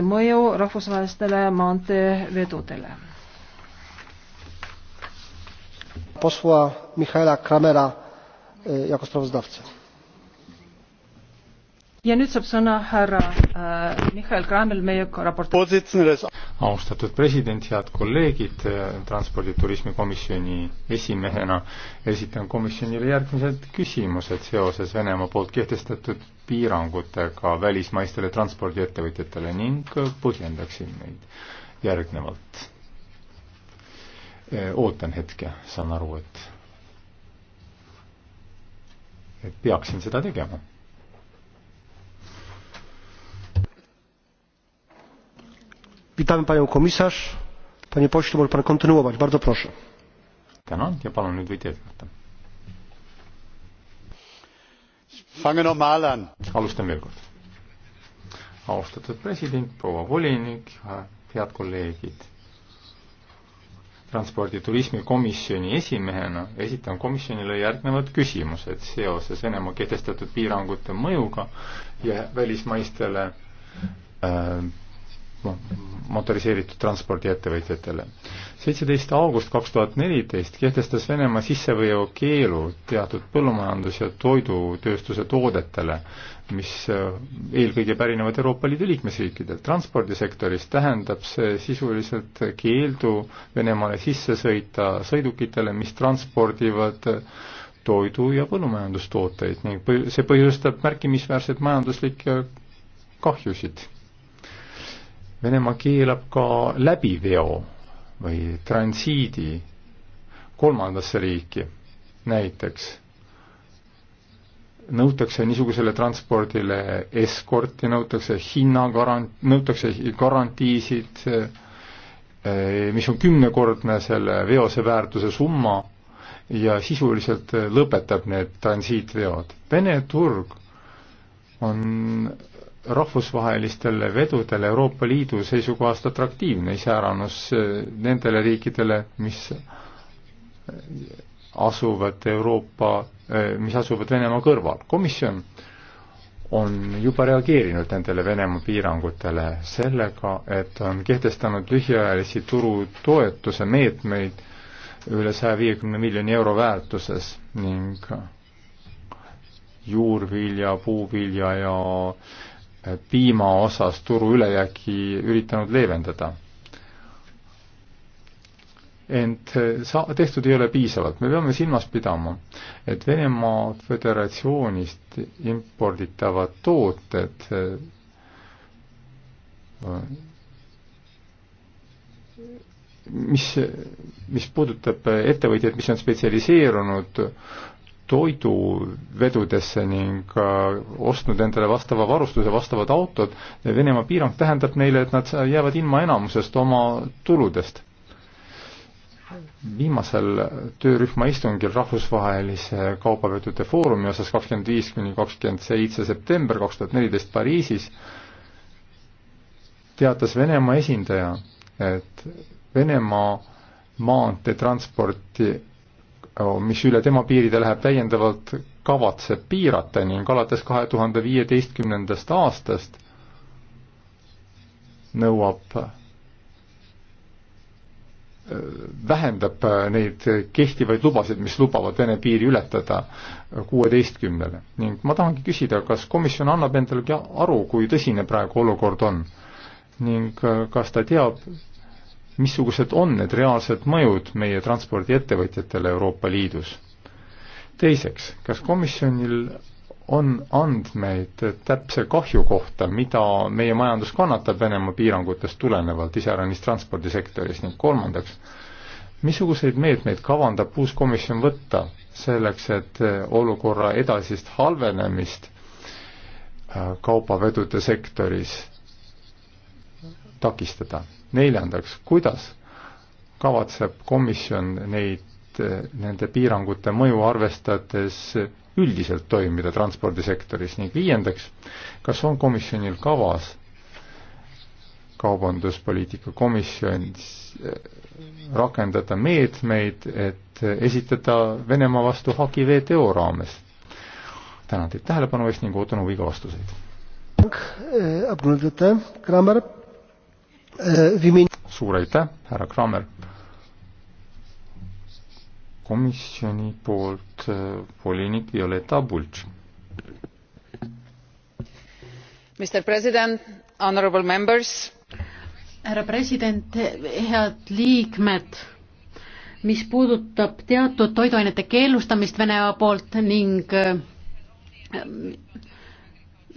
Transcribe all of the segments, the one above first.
negatiivset mõju rahvusvahelistele maanteevedudele. posła Michaela Kramera e, jako sprawozdawcę ja nüüd saab sõna härra äh, Mihhail Kraamel, meie raportöör. austatud president, head kolleegid, äh, transpordi- ja turismikomisjoni esimehena esitan komisjonile järgmised küsimused seoses Venemaa poolt kehtestatud piirangutega välismaistele transpordiettevõtjatele ning põhjendaksin neid järgnevalt. Äh, ootan hetke, saan aru, et et peaksin seda tegema witamy panią komisarz panie pośle może pan kontynuować bardzo proszę. tänan ja palun nüüd võite jätkata. alustan veel kord. austatud president proua volinik head kolleegid transpordi turismikomisjoni esimehena esitan komisjonile järgnevad küsimused seoses Venemaa kehtestatud piirangute mõjuga ja välismaistele äh, motoriseeritud transpordiettevõtjatele. seitseteist august kaks tuhat neliteist kehtestas Venemaa sissevõokeelu teatud põllumajandus- ja toidutööstuse toodetele, mis äh, eelkõige pärinevad Euroopa Liidu liikmesriikidelt. transpordisektoris tähendab see sisuliselt keeldu Venemaale sisse sõita sõidukitele, mis transpordivad äh, toidu- ja põllumajandustooteid ning see põhjustab märkimisväärset majanduslikke kahjusid Venemaa keelab ka läbiveo või transiidi kolmandasse riiki näiteks. nõutakse niisugusele transpordile eskorti, nõutakse hinnagarant-, nõutakse garantiisid, eh, mis on kümnekordne selle veose väärtuse summa ja sisuliselt lõpetab need transiitveod. Vene turg on rahvusvahelistele vedudele Euroopa Liidu seisukohast atraktiivne, iseäranus eh, nendele riikidele, mis asuvad Euroopa, eh, mis asuvad Venemaa kõrval. komisjon on juba reageerinud nendele Venemaa piirangutele sellega, et on kehtestanud lühiajalisi turutoetuse meetmeid üle saja viiekümne miljoni euro väärtuses ning juurvilja, puuvilja ja äh, piima osas turu ülejääki üritanud leevendada. ent sa-, tehtud ei ole piisavalt, me peame silmas pidama, et Venemaa Föderatsioonist imporditavad tooted mis, mis puudutab ettevõtjaid, mis on spetsialiseerunud äh, toiduvedudesse ning äh, ostnud endale vastava varustuse, vastavad autod, Venemaa piirang tähendab neile, et nad jäävad ilma enamusest oma tuludest. viimasel töörühma istungil Rahvusvahelise Kaubavedude Foorumi osas kakskümmend viis kuni kakskümmend seitse september kaks tuhat neliteist Pariisis teatas Venemaa esindaja, et Venemaa maanteetransporti mis üle tema piiride läheb, täiendavalt kavatseb piirata ning alates kahe tuhande viieteistkümnendast aastast nõuab, vähendab neid kehtivaid lubasid, mis lubavad Vene piiri ületada kuueteistkümnele. ning ma tahangi küsida, kas komisjon annab endalegi aru, kui tõsine praegu olukord on ning eh, kas ta teab missugused on need reaalsed mõjud meie transpordiettevõtjatele Euroopa Liidus? teiseks, kas komisjonil on andmeid täpse kahju kohta, mida meie majandus kannatab Venemaa piirangutest tulenevalt, iseäranis transpordisektoris, ning kolmandaks, missuguseid meetmeid kavandab uus komisjon võtta selleks, et olukorra edasist halvenemist äh, kaubavedude sektoris takistada? neljandaks, kuidas kavatseb komisjon neid, nende piirangute mõju arvestades üldiselt toimida transpordisektoris ning viiendaks, kas on komisjonil kavas kaubanduspoliitika komisjonis äh, rakendada meetmeid, et esitada Venemaa vastu hagi WTO raames. tänan teid tähelepanu eest ning ootan huviga vastuseid. Äh, Äh, suur aitäh, härra Kramer. komisjoni poolt äh, volinik Violeta Bulc. Mr President, honorable members. härra president, head liikmed mis puudutab teatud toiduainete keelustamist Venemaa poolt ning äh,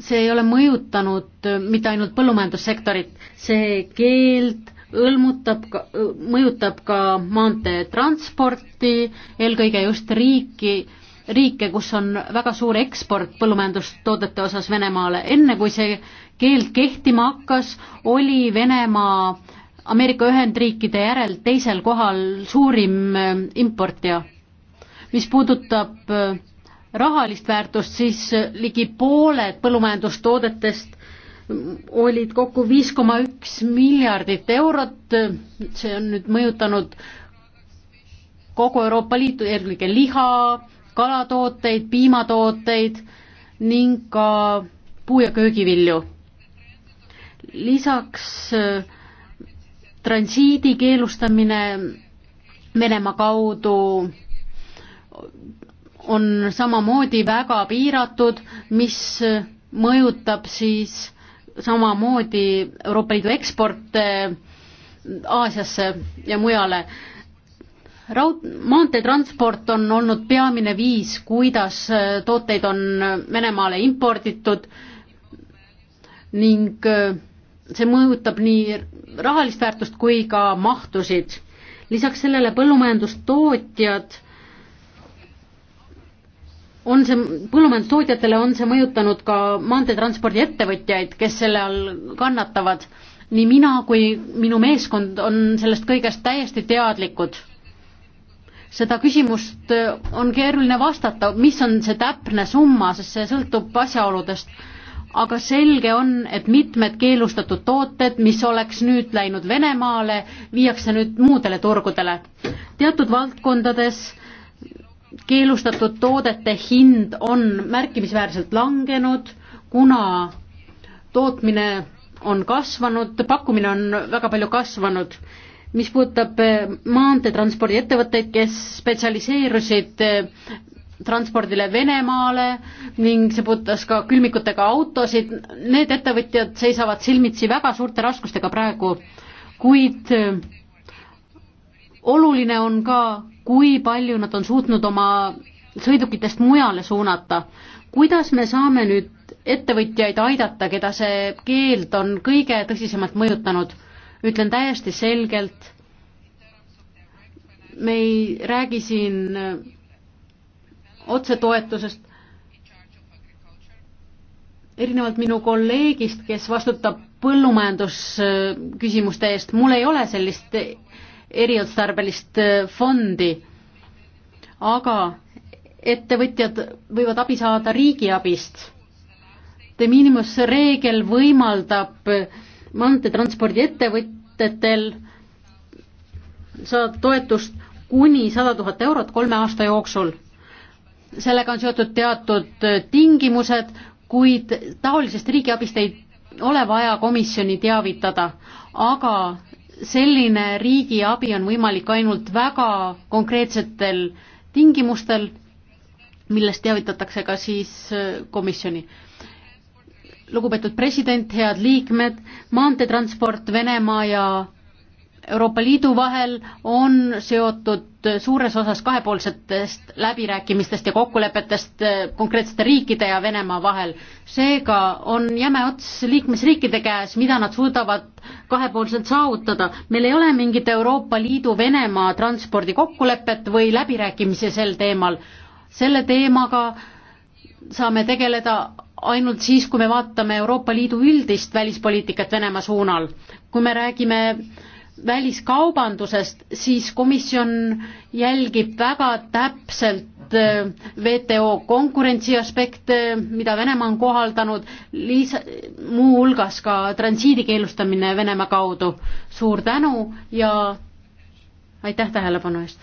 see ei ole mõjutanud mitte ainult põllumajandussektorit, see keeld hõlmutab, mõjutab ka maanteetransporti, eelkõige just riiki, riike, kus on väga suur eksport põllumajandustoodete osas Venemaale. enne kui see keeld kehtima hakkas, oli Venemaa Ameerika Ühendriikide järel teisel kohal suurim importija. mis puudutab rahalist väärtust, siis ligi pooled põllumajandustoodetest olid kokku viis koma üks miljardit eurot, see on nüüd mõjutanud kogu Euroopa Liitu, eelkõige liha, kalatooteid, piimatooteid ning ka puu- ja köögivilju. lisaks äh, transiidi keelustamine Venemaa kaudu on samamoodi väga piiratud, mis mõjutab siis samamoodi Euroopa Liidu eksporte Aasiasse ja mujale. Raud-, maanteetransport on olnud peamine viis, kuidas tooteid on Venemaale imporditud ning see mõjutab nii rahalist väärtust kui ka mahtusid. lisaks sellele põllumajandustootjad on see, põllumajandustootjatele on see mõjutanud ka maanteetranspordiettevõtjaid, kes selle all kannatavad. nii mina kui minu meeskond on sellest kõigest täiesti teadlikud. seda küsimust äh, on keeruline vastata, mis on see täpne summa, sest see sõltub asjaoludest. aga selge on, et mitmed keelustatud tooted, mis oleks nüüd läinud Venemaale, viiakse nüüd muudele turgudele. teatud valdkondades äh, keelustatud toodete hind on märkimisväärselt langenud, kuna tootmine on kasvanud, pakkumine on väga palju kasvanud. mis puudutab eh, maanteetranspordiettevõtteid, kes spetsialiseerusid eh, transpordile Venemaale ning see puudutas ka külmikutega autosid, need ettevõtjad seisavad silmitsi väga suurte raskustega praegu, kuid eh, oluline on ka, kui palju nad on suutnud oma sõidukitest mujale suunata. kuidas me saame nüüd ettevõtjaid aidata, keda see keeld on kõige tõsisemalt mõjutanud? ütlen täiesti selgelt, me ei räägi siin otsetoetusest, erinevalt minu kolleegist, kes vastutab põllumajandusküsimuste äh, eest, mul ei ole sellist eriotstarbelist äh, fondi, aga ettevõtjad võivad abi saada riigiabist. De minimus reegel võimaldab maanteetranspordiettevõtjatel saada toetust kuni sada tuhat eurot kolme aasta jooksul. sellega on seotud teatud tingimused, kuid taolisest riigiabist ei ole vaja komisjoni teavitada, aga selline riigiabi on võimalik ainult väga konkreetsetel tingimustel, millest teavitatakse ka siis äh, komisjoni. lugupeetud president, head liikmed, maanteetransport Venemaa ja Euroopa Liidu vahel on seotud suures osas kahepoolsetest läbirääkimistest ja kokkulepetest eh, konkreetsete riikide ja Venemaa vahel. seega on jäme ots liikmesriikide käes, mida nad suudavad kahepoolselt saavutada. meil ei ole mingit Euroopa Liidu Venemaa transpordikokkulepet või läbirääkimisi sel teemal. selle teemaga saame tegeleda ainult siis, kui me vaatame Euroopa Liidu üldist välispoliitikat Venemaa suunal. kui me räägime väliskaubandusest, siis komisjon jälgib väga täpselt äh, WTO konkurentsiaspekte, mida Venemaa on kohaldanud, liis-, muuhulgas ka transiidi keelustamine Venemaa kaudu. suur tänu ja aitäh tähelepanu eest!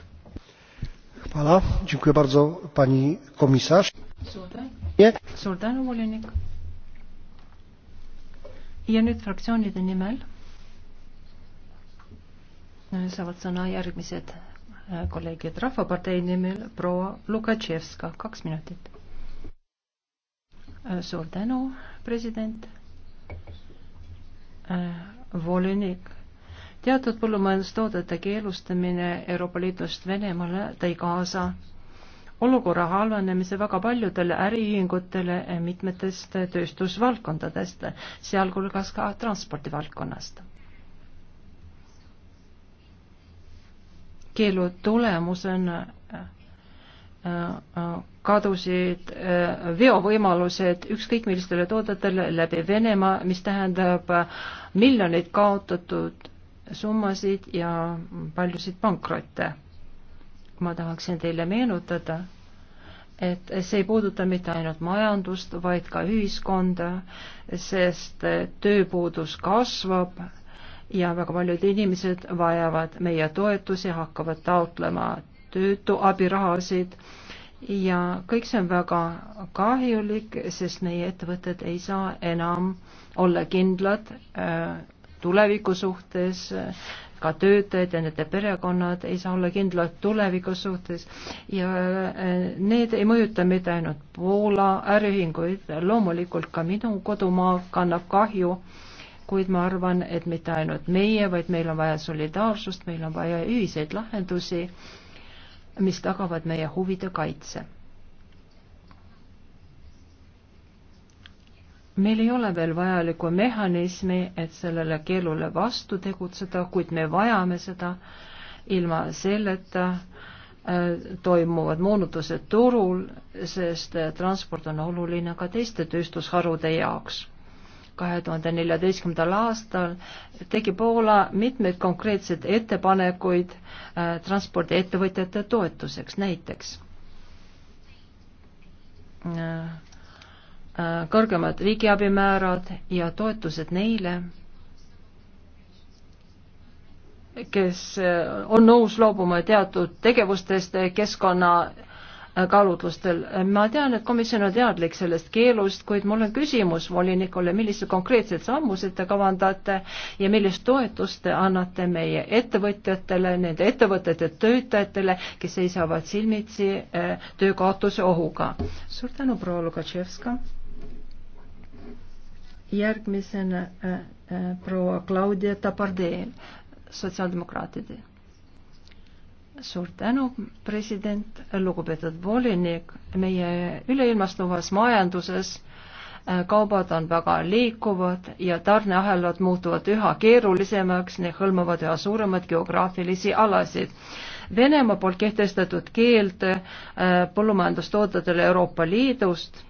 suur tänu, volinik! ja nüüd fraktsioonide nimel saavad sõna järgmised äh, kolleegid Rahvapartei nimel proua Lukatševska, kaks minutit. Äh, suur tänu, president. Äh, volinik, teatud põllumajandustoodete keelustamine Euroopa Liidust Venemaale tõi kaasa olukorra halvenemise väga paljudele äriühingutele mitmetest tööstusvaldkondadest, sealhulgas ka transpordivaldkonnast keelu tulemusena äh, äh, kadusid äh, veovõimalused ükskõik millistele toodetele läbi Venemaa, mis tähendab miljoneid kaotatud summasid ja paljusid pankrotte. ma tahaksin teile meenutada, et see ei puuduta mitte ainult majandust, vaid ka ühiskonda, sest tööpuudus kasvab ja väga paljud inimesed vajavad meie toetusi, hakkavad taotlema töötu abirahasid ja kõik see on väga kahjulik, sest meie ettevõtted ei saa enam olla kindlad äh, tuleviku suhtes, ka töötajad ja nende perekonnad ei saa olla kindlad tuleviku suhtes ja äh, need ei mõjuta mitte ainult Poola äriühinguid, loomulikult ka minu kodumaa kannab kahju äh, kuid ma arvan, et mitte ainult meie, vaid meil on vaja solidaarsust, meil on vaja ühiseid lahendusi, mis tagavad meie huvide kaitse. meil ei ole veel vajalikku mehhanismi, et sellele keelule vastu tegutseda, kuid me vajame seda ilma selleta äh, toimuvad moonutused turul, sest äh, transport on oluline ka teiste tööstusharude jaoks kahe tuhande neljateistkümnendal aastal tegi Poola mitmeid konkreetseid ettepanekuid äh, transpordiettevõtjate toetuseks, näiteks äh, äh kõrgemad riigiabimäärad ja toetused neile, kes äh, on nõus loobuma teatud tegevustest keskkonna kaalutlustel. ma tean, et komisjon on teadlik sellest keelust, kuid mul on küsimus volinikule, millised konkreetsed sammused te kavandate ja millist toetust te annate meie ettevõtjatele, nende ettevõtete töötajatele, kes seisavad silmitsi äh, töö kaotuse ohuga. suur tänu, proua Lukatševska. järgmisena äh, äh, proua Claudia Tapardee, sotsiaaldemokraatide suur tänu, president, lugupeetud volinik, meie üleilmastuvas majanduses äh, kaubad on väga liikuvad ja tarneahelad muutuvad üha keerulisemaks, need hõlmavad üha suuremaid geograafilisi alasid. Venemaa poolt kehtestatud keeld äh, põllumajandustoodetele Euroopa Liidust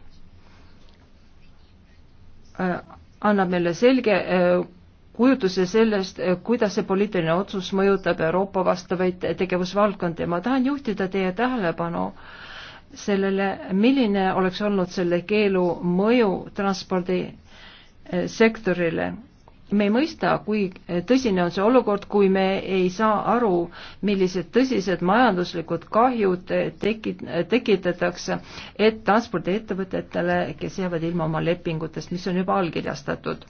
äh, annab meile selge kujutluse sellest, kuidas see poliitiline otsus mõjutab Euroopa vastavaid tegevusvaldkondi. ma tahan juhtida teie tähelepanu sellele, milline oleks olnud selle keelu mõju transpordisektorile. Eh, me ei mõista, kui tõsine on see olukord, kui me ei saa aru, millised tõsised majanduslikud kahjud eh, tekit-, tekitatakse, et transpordiettevõtetele, kes jäävad ilma oma lepingutest, mis on juba allkirjastatud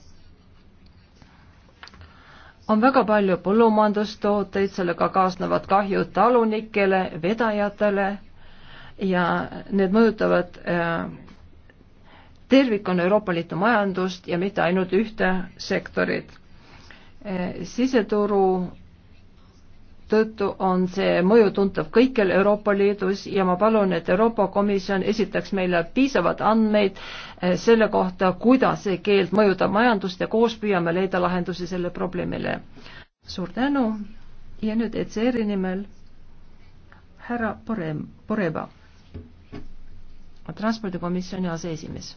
on väga palju põllumajandustooteid, sellega kaasnevad kahjud talunikele, vedajatele ja need mõjutavad äh, tervikuna Euroopa Liidu majandust ja mitte ainult ühte sektorit. Äh, siseturu tõttu on see mõju tuntav kõikjal Euroopa Liidus ja ma palun, et Euroopa Komisjon esitaks meile piisavad andmeid eh, selle kohta, kuidas see keeld mõjutab majandust ja koos püüame leida lahendusi selle probleemile. suur tänu ja nüüd ECR-i nimel härra Pore-, Poreba, transpordikomisjoni aseesimees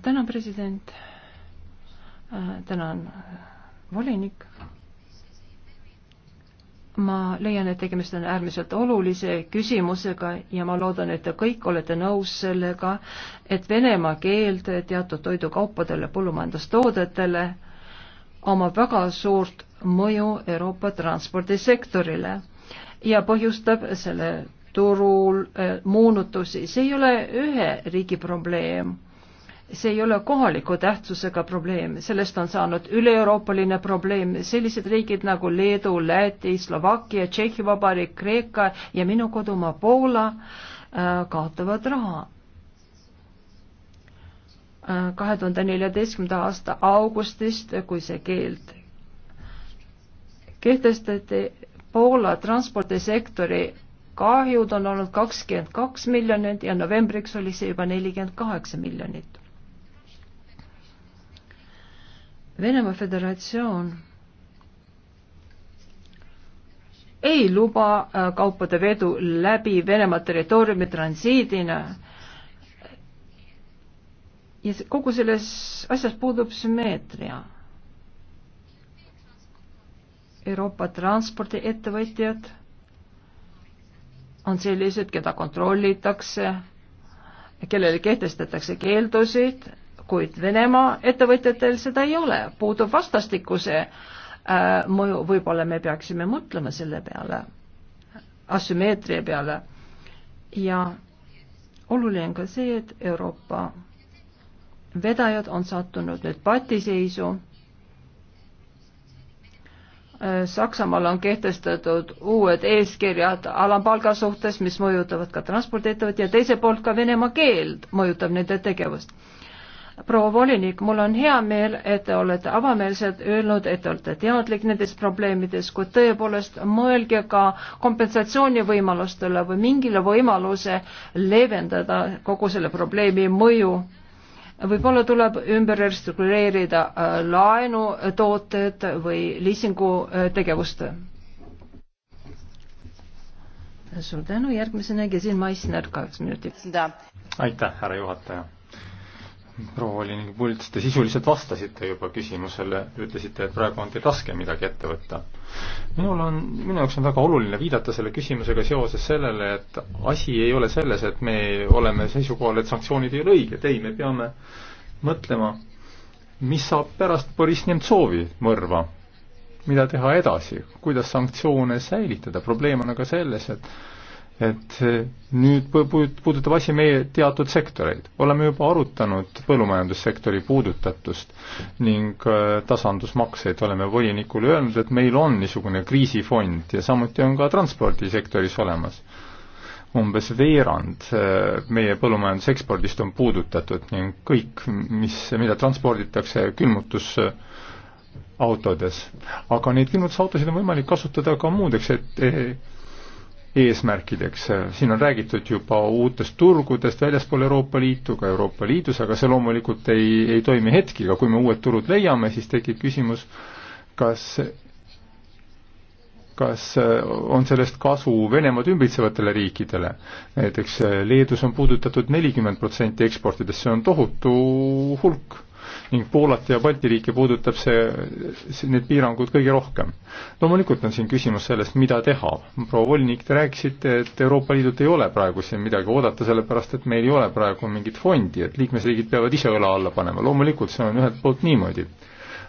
tänan, president Äh, tänan, äh, volinik. ma leian, et tegemist on äärmiselt olulise küsimusega ja ma loodan, et te kõik olete nõus sellega, et venemaa keeld teatud toidukaupadele, põllumajandustoodetele omab väga suurt mõju Euroopa transpordisektorile ja põhjustab selle turul äh, moonutusi. see ei ole ühe riigi probleem see ei ole kohaliku tähtsusega probleem, sellest on saanud üle-euroopaline probleem, sellised riigid nagu Leedu, Läti, Slovakkia, Tšehhi Vabariik, Kreeka ja minu kodumaa Poola äh, kaotavad raha äh,. kahe tuhande neljateistkümnenda aasta augustist, kui see keeld kehtestati, Poola transpordisektori kahjud on olnud kakskümmend kaks miljonit ja novembriks oli see juba nelikümmend kaheksa miljonit. Venemaa Föderatsioon ei luba äh, kaupade vedu läbi Venemaa territooriumi transiidina. ja kogu selles asjas puudub sümmeetria. Euroopa transpordiettevõtjad on sellised, keda kontrollitakse, kellele kehtestatakse keeldusid kuid Venemaa ettevõtjatel seda ei ole, puudub vastastikuse äh, mõju, võib-olla me peaksime mõtlema selle peale, asümmeetria peale. ja oluline on ka see, et Euroopa vedajad on sattunud nüüd patiseisu äh, Saksamaal on kehtestatud uued eeskirjad alampalga suhtes, mis mõjutavad ka transpordiettevõtja ja teiselt poolt ka Venemaa keeld mõjutab nende tegevust proua volinik, mul on hea meel, et te olete avameelselt öelnud, et te olete teadlik nendest probleemidest, kuid tõepoolest mõelge ka kompensatsioonivõimalustele või mingile võimaluse leevendada kogu selle probleemi mõju võib-olla tuleb ümber restruktureerida äh, laenutooted või liisingutegevust. Äh, suur tänu, järgmisena Gesin Maisner, kaheksa minutit. aitäh, härra juhataja proua volinik Pults, te sisuliselt vastasite juba küsimusele, ütlesite, et praegu on teil raske midagi ette võtta. minul on, minu jaoks on väga oluline viidata selle küsimusega seoses sellele, et asi ei ole selles, et me oleme seisukohal, et sanktsioonid ei ole õiged, ei, me peame mõtlema, mis saab pärast Boriss Nemtsovi mõrva, mida teha edasi, kuidas sanktsioone säilitada, probleem on aga selles, et et eh, nüüd puudutab asi meie teatud sektoreid. oleme juba arutanud põllumajandussektori puudutatust ning eh, tasandusmakseid, oleme volinikule öelnud, et meil on niisugune kriisifond ja samuti on ka transpordisektoris olemas. umbes veerand eh, meie põllumajandusekspordist on puudutatud ning kõik, mis, mida transporditakse külmutus autodes. aga neid külmutusautosid on võimalik kasutada ka muudeks, et eesmärkideks, siin on räägitud juba uutest turgudest väljaspool Euroopa Liitu, ka Euroopa Liidus, aga see loomulikult ei, ei toimi hetkiga, kui me uued turud leiame, siis tekib küsimus, kas kas on sellest kasu Venemaad ümbritsevatele riikidele. näiteks Leedus on puudutatud nelikümmend protsenti eksportidest, see on tohutu hulk ning Poolat ja Balti riike puudutab see, see, need piirangud kõige rohkem. loomulikult on siin küsimus sellest, mida teha. proua volinik, te rääkisite, et Euroopa Liidult ei ole praegu siin midagi oodata, sellepärast et meil ei ole praegu mingit fondi, et liikmesriigid peavad ise õla alla panema, loomulikult see on ühelt poolt niimoodi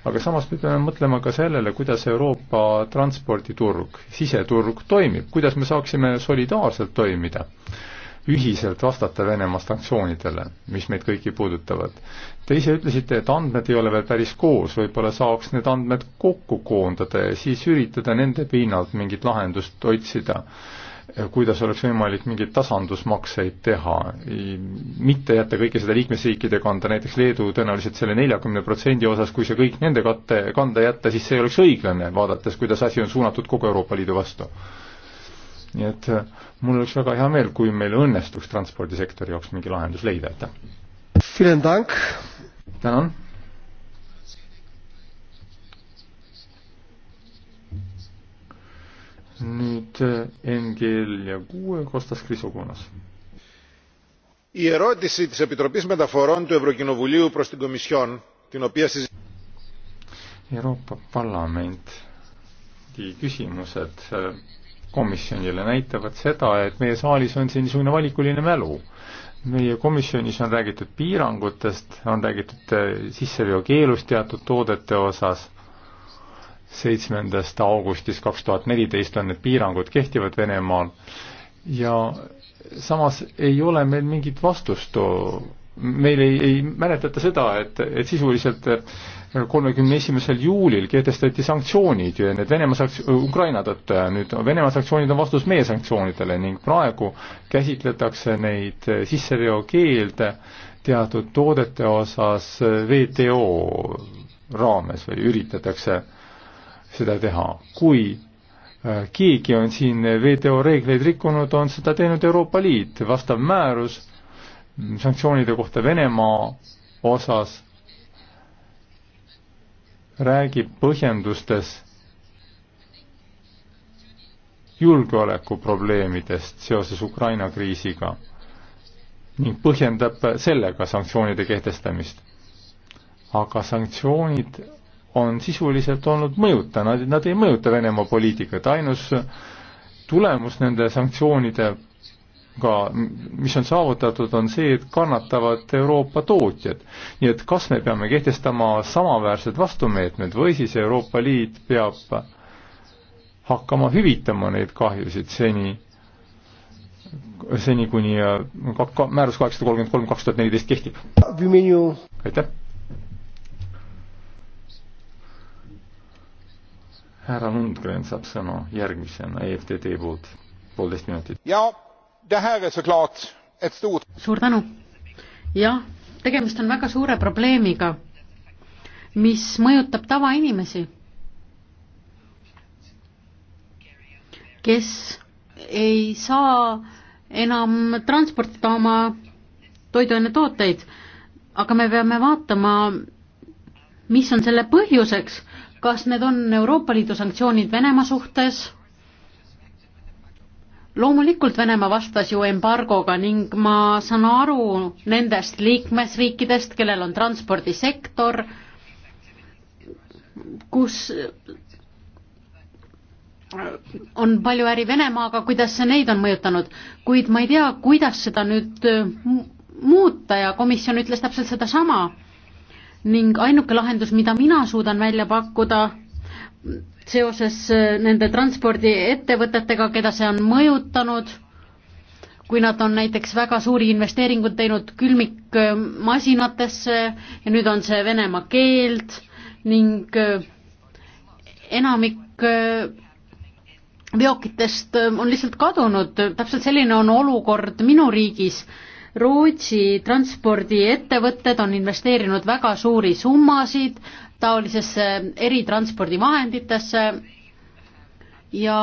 aga samas me peame mõtlema ka sellele, kuidas Euroopa transporditurg, siseturg toimib, kuidas me saaksime solidaarselt toimida ühiselt vastata Venemaa sanktsioonidele, mis meid kõiki puudutavad. Te ise ütlesite, et andmed ei ole veel päris koos, võib-olla saaks need andmed kokku koondada ja siis üritada nende pinnalt mingit lahendust otsida, kuidas oleks võimalik mingeid tasandusmakseid teha, mitte jätta kõike seda liikmesriikide kanda, näiteks Leedu tõenäoliselt selle neljakümne protsendi osas, kui see kõik nende katte, kanda jätta, siis see ei oleks õiglane, vaadates, kuidas asi on suunatud kogu Euroopa Liidu vastu. nii et äh, mul oleks väga hea meel, kui meil õnnestuks transpordisektori jaoks mingi lahendus leida, aitäh! tänan. nüüd äh, NGL ja kuue Kostas Krisokonnas. Η ερώτηση της Επιτροπής Μεταφορών του Ευρωκοινοβουλίου προς την Κομισιόν, την οποία συζητάμε. Euroopa Parlamendi küsimused äh, komisjonile näitavad seda, et meie saalis on siin niisugune valikuline mälu meie komisjonis on räägitud piirangutest, on räägitud äh, sisseveo keelust teatud toodete osas, seitsmendast augustist kaks tuhat neliteist on need piirangud kehtivad Venemaal ja samas ei ole meil mingit vastust meil ei, ei mäletata seda, et, et sisuliselt äh, kolmekümne esimesel juulil kehtestati sanktsioonid ju ja need Venemaa sanktsioon, Ukraina tõttu ja nüüd Venemaa sanktsioonid on vastus meie sanktsioonidele ning praegu käsitletakse neid äh, sisseveokeelde teatud toodete osas äh, WTO raames või üritatakse seda teha. kui keegi on siin WTO reegleid rikkunud, on seda teinud Euroopa Liit, vastav määrus Mm, sanktsioonide kohta Venemaa osas räägib põhjendustes julgeolekuprobleemidest seoses Ukraina kriisiga ning põhjendab sellega sanktsioonide kehtestamist. aga sanktsioonid on sisuliselt olnud mõjuta, nad, nad ei mõjuta Venemaa poliitikat, ainus tulemus nende sanktsioonide ka, mis on saavutatud, on see, et kannatavad Euroopa tootjad. nii et kas me peame kehtestama samaväärsed vastumeetmed või siis Euroopa Liit peab hakkama hüvitama neid kahjusid seni, seni kuni äh, ka, ka, määrus kaheksasada kolmkümmend kolm kaks tuhat neliteist kehtib. aitäh. härra Lundgren saab sõna järgmisena EFTD poolt, poolteist minutit. jaa suur tänu. jah, tegemist on väga suure probleemiga, mis mõjutab tavainimesi, kes ei saa enam transportida oma toiduainetooteid, aga me peame vaatama, mis on selle põhjuseks, kas need on Euroopa Liidu sanktsioonid Venemaa suhtes loomulikult Venemaa vastas ju embargoga ning ma saan aru nendest liikmesriikidest, kellel on transpordisektor, kus on palju äri Venemaaga, kuidas see neid on mõjutanud, kuid ma ei tea, kuidas seda nüüd äh, muuta ja komisjon ütles täpselt sedasama. ning ainuke lahendus, mida mina suudan välja pakkuda, seoses äh, nende transpordiettevõtetega, keda see on mõjutanud, kui nad on näiteks väga suuri investeeringuid teinud külmikmasinatesse ja nüüd on see Venemaa keeld ning äh, enamik äh, veokitest on lihtsalt kadunud, täpselt selline on olukord minu riigis Rootsi transpordiettevõtted on investeerinud väga suuri summasid taolisesse eritranspordivahenditesse ja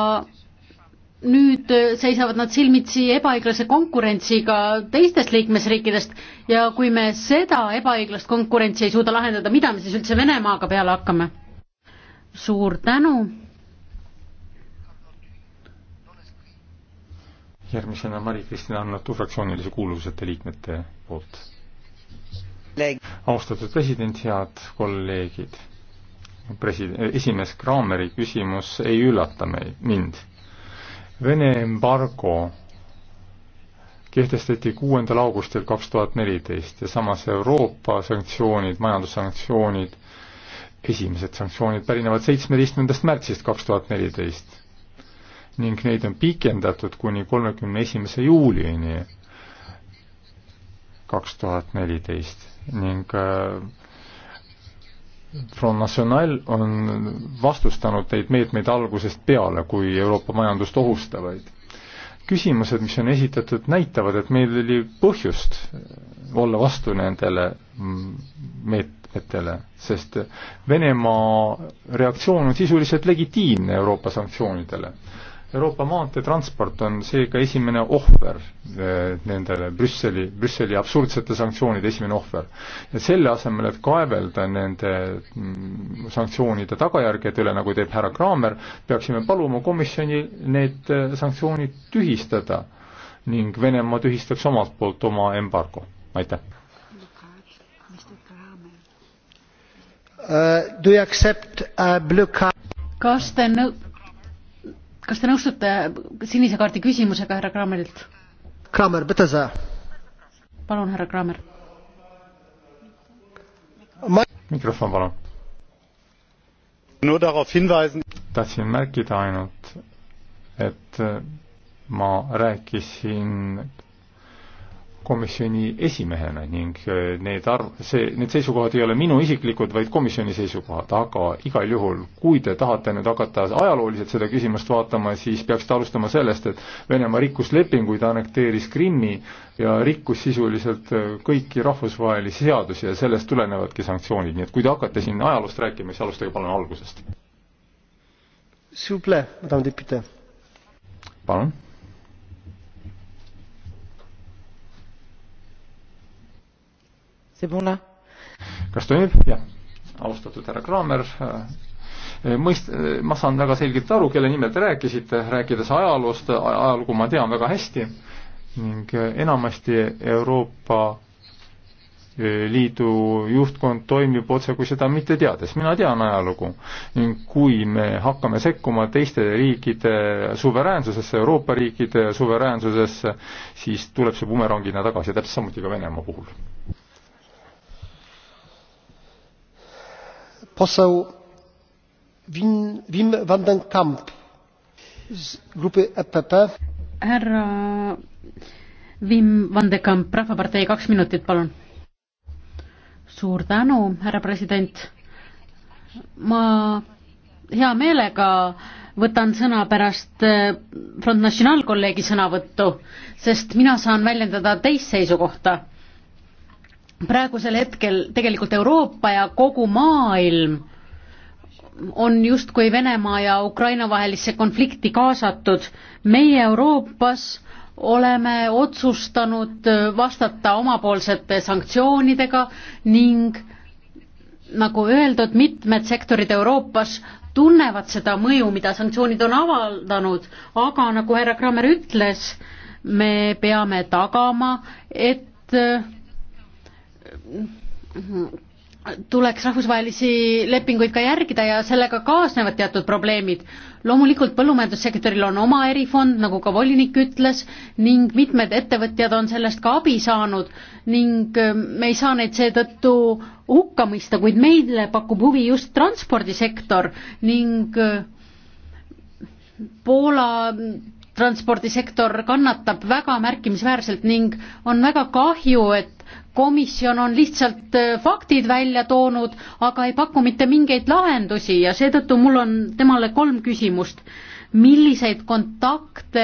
nüüd seisavad nad silmitsi ebaõiglase konkurentsiga teistest liikmesriikidest ja kui me seda ebaõiglast konkurentsi ei suuda lahendada, mida me siis üldse Venemaaga peale hakkame? suur tänu järgmisena Mari-Kristina Annatu fraktsioonilise kuuluvusete liikmete poolt. austatud president, head kolleegid. president, esimees Krahmeri küsimus ei üllata meid, mind. Vene embargo kehtestati kuuendal augustil kaks tuhat neliteist ja samas Euroopa sanktsioonid, majandussanktsioonid, esimesed sanktsioonid pärinevad seitsmeteistkümnendast märtsist kaks tuhat neliteist ning neid on pikendatud kuni kolmekümne esimese juulini kaks tuhat neliteist ning äh, Front National on vastustanud neid meetmeid algusest peale kui Euroopa majandust ohustavaid. küsimused, mis on esitatud, näitavad, et meil oli põhjust äh, olla vastu nendele mm, meetmetele, sest Venemaa reaktsioon on sisuliselt legitiimne Euroopa sanktsioonidele Euroopa maanteetransport on seega esimene ohver eh, nendele Brüsseli, Brüsseli absurdsete sanktsioonide esimene ohver. ja selle asemel, et kaevelda nende mm, sanktsioonide tagajärgede üle, nagu teeb härra Kraamer, peaksime paluma komisjonil need eh, sanktsioonid tühistada ning Venemaa tühistaks omalt poolt oma embargo, aitäh. Uh, do you accept a blue card? kas te nõu-? kas te nõustute sinise kaardi küsimusega härra Krammerilt? Krammer, bitte sehr. palun, härra Krammer. mikrofon, palun. nur darauf hinweisen. tahtsin märkida ainult, et ma rääkisin komisjoni esimehena ning äh, need arv-, see, need seisukohad ei ole minu isiklikud, vaid komisjoni seisukohad, aga igal juhul, kui te tahate nüüd hakata ajalooliselt seda küsimust vaatama, siis peaksite alustama sellest, et Venemaa rikkus lepinguid, annekteeris Krimmi ja rikkus sisuliselt äh, kõiki rahvusvahelisi seadusi ja sellest tulenevadki sanktsioonid, nii et kui te hakkate siin ajaloost rääkima, siis alustage palun algusest. palun kas toimib? jah. austatud härra Kraamer, äh, mõist-, äh, ma saan väga selgelt aru, kelle nimel te rääkisite, rääkides ajaloost, äh, ajalugu ma tean väga hästi ning enamasti Euroopa liidu juhtkond toimib otse kui seda mitte teades. mina tean ajalugu ning kui me hakkame sekkuma teiste riikide suveräänsusesse, Euroopa riikide suveräänsusesse, siis tuleb see bumerangina tagasi, täpselt samuti ka Venemaa puhul. poseł wim van de camp z grupy epp. härra wim van de camp rahvapartei kaks minutit palun. suur tänu härra president. ma hea meelega võtan sõna pärast eh, Front National kolleegi sõnavõttu, sest mina saan väljendada teist seisukohta praegusel hetkel tegelikult Euroopa ja kogu maailm on justkui Venemaa ja Ukraina vahelisse konflikti kaasatud. meie Euroopas oleme otsustanud vastata omapoolsete sanktsioonidega ning nagu öeldud, mitmed sektorid Euroopas tunnevad seda mõju, mida sanktsioonid on avaldanud, aga nagu härra Kramer ütles, me peame tagama, et tuleks rahvusvahelisi lepinguid ka järgida ja sellega kaasnevad teatud probleemid. loomulikult põllumajandussektoril on oma erifond, nagu ka volinik ütles, ning mitmed ettevõtjad on sellest ka abi saanud ning äh, me ei saa neid seetõttu hukka mõista, kuid meile pakub huvi just transpordisektor ning äh, Poola transpordisektor kannatab väga märkimisväärselt ning on väga kahju, et komisjon on lihtsalt äh, faktid välja toonud, aga ei paku mitte mingeid lahendusi ja seetõttu mul on temale kolm küsimust. milliseid kontakte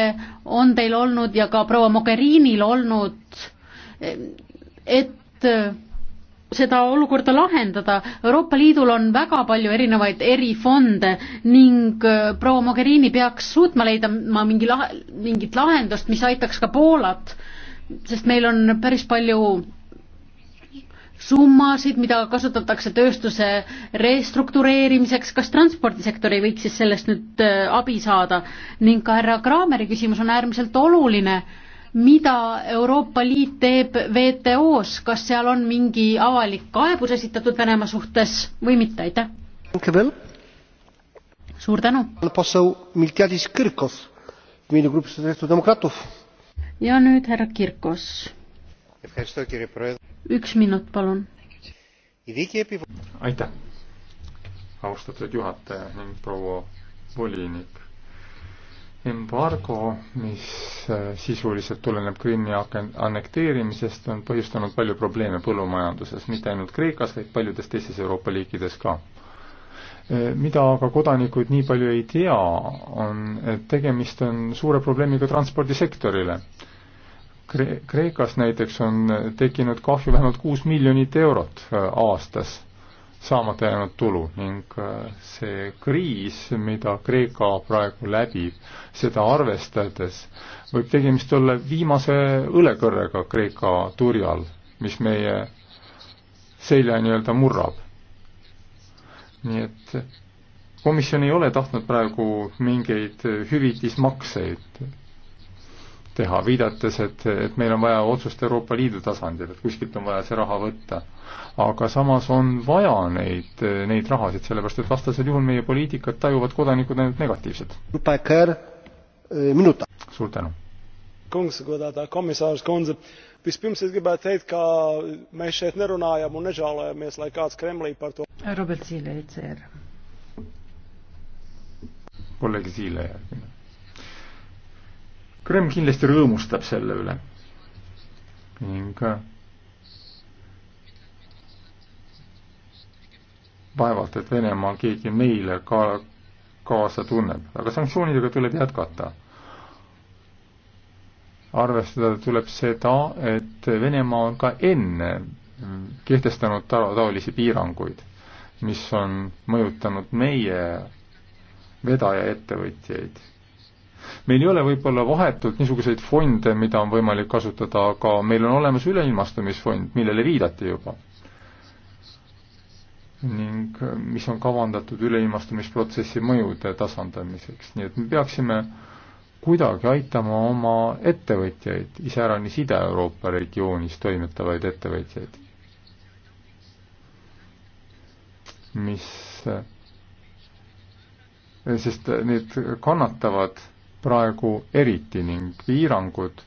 on teil olnud ja ka proua Mogherinil olnud, äh, et äh, seda olukorda lahendada. Euroopa Liidul on väga palju erinevaid erifonde ning proua Mogherini peaks suutma leida mingi lah-, mingit lahendust, mis aitaks ka Poolat, sest meil on päris palju summasid, mida kasutatakse tööstuse restruktureerimiseks, kas transpordisektor ei võiks siis sellest nüüd äh, abi saada? ning ka härra Kraameri küsimus on äärmiselt oluline, mida Euroopa Liit teeb WTO-s, kas seal on mingi avalik kaebus esitatud Venemaa suhtes või mitte, aitäh! suur tänu! ja nüüd härra Kirkos üks minut, palun. aitäh, austatud juhataja ning proua volinik. embargo, mis äh, sisuliselt tuleneb Krimmi annekteerimisest, on põhjustanud palju probleeme põllumajanduses, mitte ainult Kreekas, vaid paljudes teistes Euroopa riikides ka äh, mida aga kodanikud nii palju ei tea, on, et tegemist on suure probleemiga transpordisektorile Kre-, Kreekas näiteks on tekkinud kahju vähemalt kuus miljonit eurot äh, aastas saamata jäänud tulu ning äh, see kriis, mida Kreeka praegu läbib, seda arvestades võib tegemist olla viimase õlekõrrega Kreeka turjal, mis meie selja nii-öelda murrab. nii et komisjon ei ole tahtnud praegu mingeid hüvitismakseid teha, viidates, et, et meil on vaja otsust Euroopa Liidu tasandil, et kuskilt on vaja see raha võtta. aga samas on vaja neid, neid rahasid, sellepärast et vastasel juhul meie poliitikat tajuvad kodanikud ainult negatiivselt. Eh, suur tänu. kungs, godātā komisārs kundze, vispirms es gribētu teikt, ka mēs šeit nerunājam un nežālojamies, lai kāds Kremlī par to. Robert Zīle, ECR. kolleeg Zīle järgmine Kreml kindlasti rõõmustab selle üle ning äh, vaevalt, et Venemaa keegi meile ka kaasa tunneb, aga sanktsioonidega tuleb jätkata. arvestada tuleb seda, et Venemaa on ka enne kehtestanud ta-, taolisi piiranguid, mis on mõjutanud meie vedajaettevõtjaid meil ei ole võib-olla vahetult niisuguseid fonde, mida on võimalik kasutada, aga meil on olemas üleilmastumisfond, millele viidati juba. ning äh, mis on kavandatud üleilmastumisprotsessi mõjude tasandamiseks, nii et me peaksime kuidagi aitama oma ettevõtjaid, iseäranis Ida-Euroopa regioonis toimetavaid ettevõtjaid, mis äh, sest need kannatavad praegu eriti ning piirangud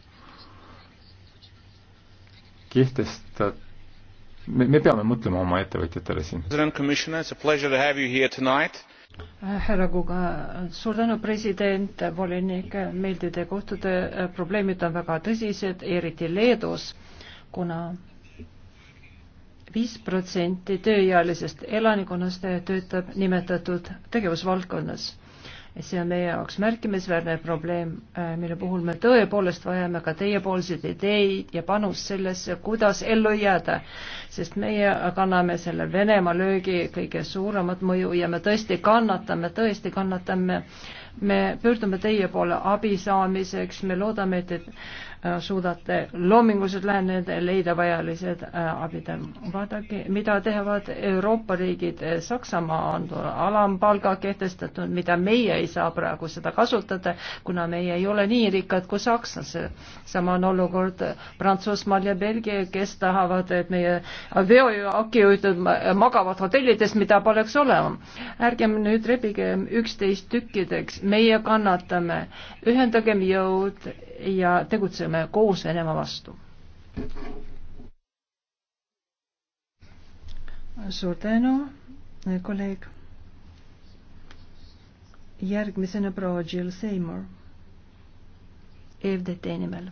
kehtestat-, me, me peame mõtlema oma ettevõtjatele siin. Äh, härra Kuga, suur tänu, president, volinik, meeldiv teie kohtuda, äh, probleemid on väga tõsised, eriti Leedus kuna, kuna viis protsenti tööealisest elanikkonnast töötab nimetatud tegevusvaldkonnas see on meie jaoks märkimisväärne probleem, äh, mille puhul me tõepoolest vajame ka teiepoolseid ideid ja panust sellesse, kuidas ellu jääda. sest meie kanname selle Venemaa löögi kõige suuremat mõju ja me tõesti kannatame, tõesti kannatame. me pöördume teie poole abi saamiseks, me loodame, et, et Äh, suudate loominguliselt läheneda ja leida vajalised äh, abid. vaadake, mida teevad Euroopa riigid, Saksamaa on alampalga kehtestatud, mida meie ei saa praegu seda kasutada, kuna meie ei ole nii rikkad kui sakslased. sama on olukord Prantsusmaal ja Belgia, kes tahavad, et meie veoakijuhid magavad hotellides, mida poleks olema. ärgem nüüd rebige üksteist tükkideks, meie kannatame, ühendagem jõud ja tegutseme koos Venemaa vastu. suur tänu, kolleeg. järgmisena proua Jill Seymour EFDT nimel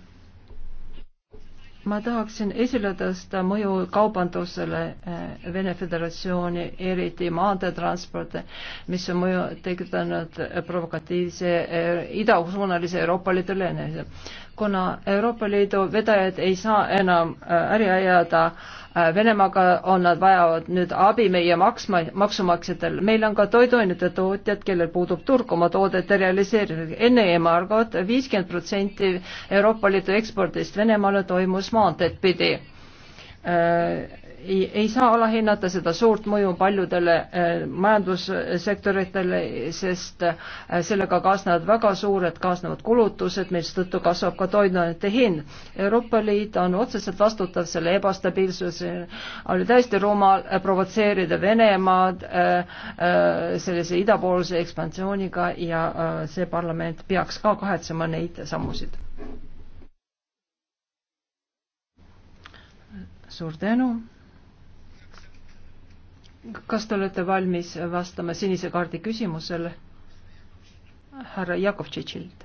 ma tahaksin esile tõsta mõju kaubandusele eh, Vene Föderatsiooni, eriti maanteetransporti, mis on mõju tekitanud provokatiivse eh, idasuunalise Euroopa Liidu lähenemise kuna Euroopa Liidu vedajad ei saa enam äh, äri ajada äh, Venemaaga, on nad vajavad nüüd abi meie maksma, maksumaksjatel. meil on ka toiduainete tootjad, kellel puudub turg oma toodete realiseerimisega. enne embargot viiskümmend protsenti Euroopa Liidu ekspordist Venemaale toimus maanteed pidi äh, ei, ei saa alahinnata seda suurt mõju paljudele eh, majandussektoritele, sest eh, sellega kaasnevad väga suured kaasnevad kulutused, mistõttu kasvab ka toiduainete hind. Euroopa Liit on otseselt vastutav selle ebastabiilsuse, oli täiesti rumal eh, provotseerida Venemaad sellise idapoolse ekspansiooniga ja see parlament peaks ka kahetsema neid sammusid. suur tänu kas te olete valmis vastama sinise kaardi küsimusele härra Jakovtšitšilt?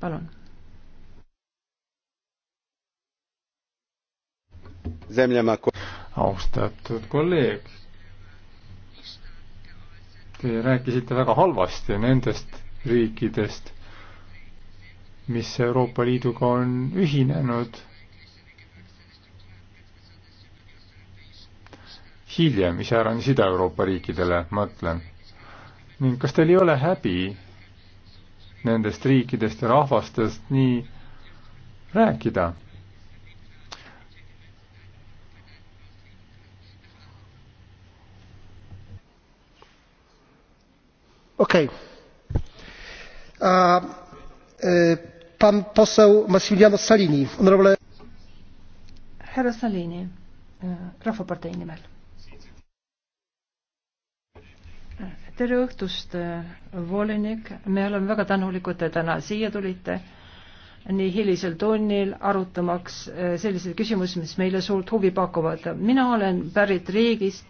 palun. austatud kolleeg, te rääkisite väga halvasti nendest riikidest, mis Euroopa Liiduga on ühinenud hiljem, iseäranis Ida-Euroopa riikidele, mõtlen. ning kas teil ei ole häbi nendest riikidest ja rahvastest nii rääkida? okei okay. uh,. E, uh pan poseł massimiliano salini honorable härra salini e, rahvapartei nimel tere õhtust, äh, volinik, me oleme väga tänulikud, et täna siia tulite nii hilisel tunnil arutamaks äh, selliseid küsimusi, mis meile suurt huvi pakuvad. mina olen pärit riigist,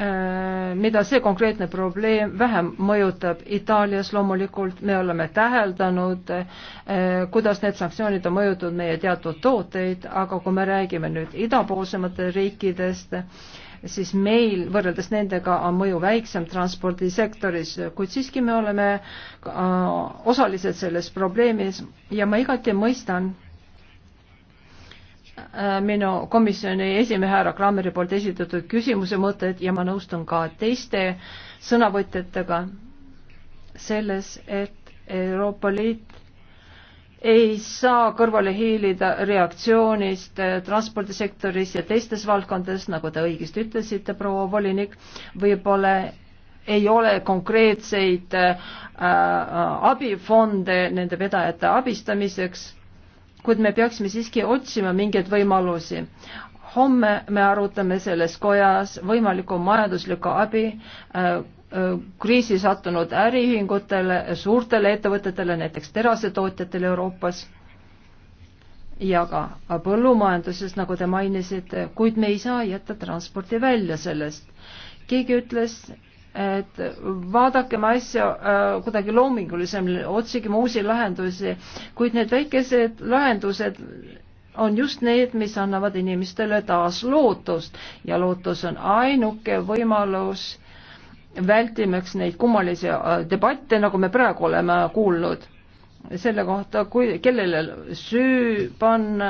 äh, mida see konkreetne probleem vähem mõjutab. Itaalias loomulikult me oleme täheldanud, kuidas need sanktsioonid on mõjutanud meie teatud tooteid, aga kui me räägime nüüd idapoolsemate riikidest, siis meil võrreldes nendega on mõju väiksem transpordisektoris, kuid siiski me oleme äh, osalised selles probleemis ja ma igati mõistan äh, minu komisjoni esimehe härra Krammeri poolt esitatud küsimuse mõtted ja ma nõustun ka teiste sõnavõtjatega selles, et Euroopa Liit ei saa kõrvale hiilida reaktsioonist eh, transpordisektoris ja teistes valdkondades, nagu te õigesti ütlesite, proua volinik, võib-olla ei ole konkreetseid äh, abifonde nende vedajate abistamiseks, kuid me peaksime siiski otsima mingeid võimalusi. homme me arutame selles kojas võimalikku majanduslikku abi äh, kriisi sattunud äriühingutele, suurtele ettevõtetele, näiteks terasetootjatele Euroopas ja ka põllumajanduses, nagu te mainisite, kuid me ei saa jätta transporti välja sellest. keegi ütles, et vaadakem asja äh, kuidagi loomingulisem, otsigem uusi lahendusi, kuid need väikesed lahendused on just need, mis annavad inimestele taas lootust ja lootus on ainuke võimalus vältimaks neid kummalisi äh, debatte, nagu me praegu oleme kuulnud selle kohta, kui, kellele süü panna,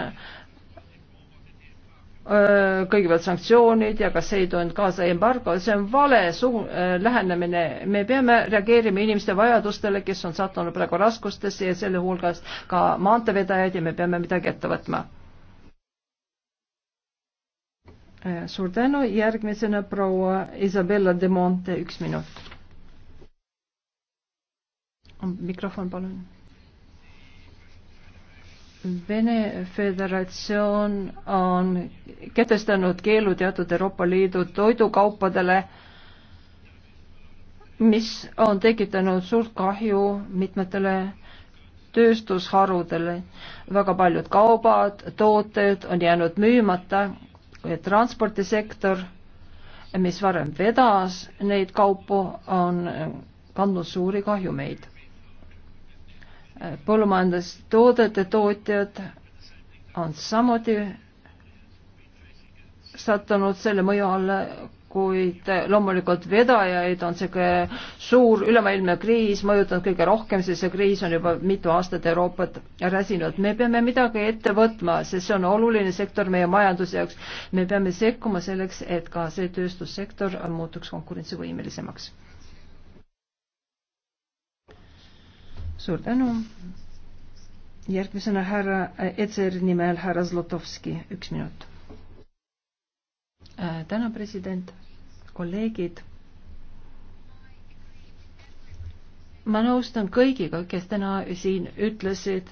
äh, kõigepealt sanktsioonid ja kas see ei toonud kaasa embargo, see on vale suhu, äh, lähenemine, me peame reageerima inimeste vajadustele, kes on sattunud praegu raskustesse ja selle hulgas ka maanteevedajaid ja me peame midagi ette võtma Eh, suur tänu, järgmisena proua Isabella de Monte, üks minut. mikrofon, palun. Vene Föderatsioon on kehtestanud keelu teatud Euroopa Liidu toidukaupadele, mis on tekitanud suurt kahju mitmetele tööstusharudele. väga paljud kaubad, tooted on jäänud müümata transpordisektor, mis varem vedas neid kaupu, on kandnud suuri kahjumeid. põllumajandustoodete tootjad on samuti sattunud selle mõju alla, kuid loomulikult vedajaid on niisugune suur ülemaailmne kriis mõjutanud kõige rohkem, sest see kriis on juba mitu aastat Euroopat räsinud. me peame midagi ette võtma, sest see on oluline sektor meie majanduse jaoks. me peame sekkuma selleks, et ka see tööstussektor muutuks konkurentsivõimelisemaks. suur tänu. järgmisena härra Etser nimel härra Zlotovski, üks minut Äh, täna, president, kolleegid. ma nõustun kõigiga, kes täna siin ütlesid,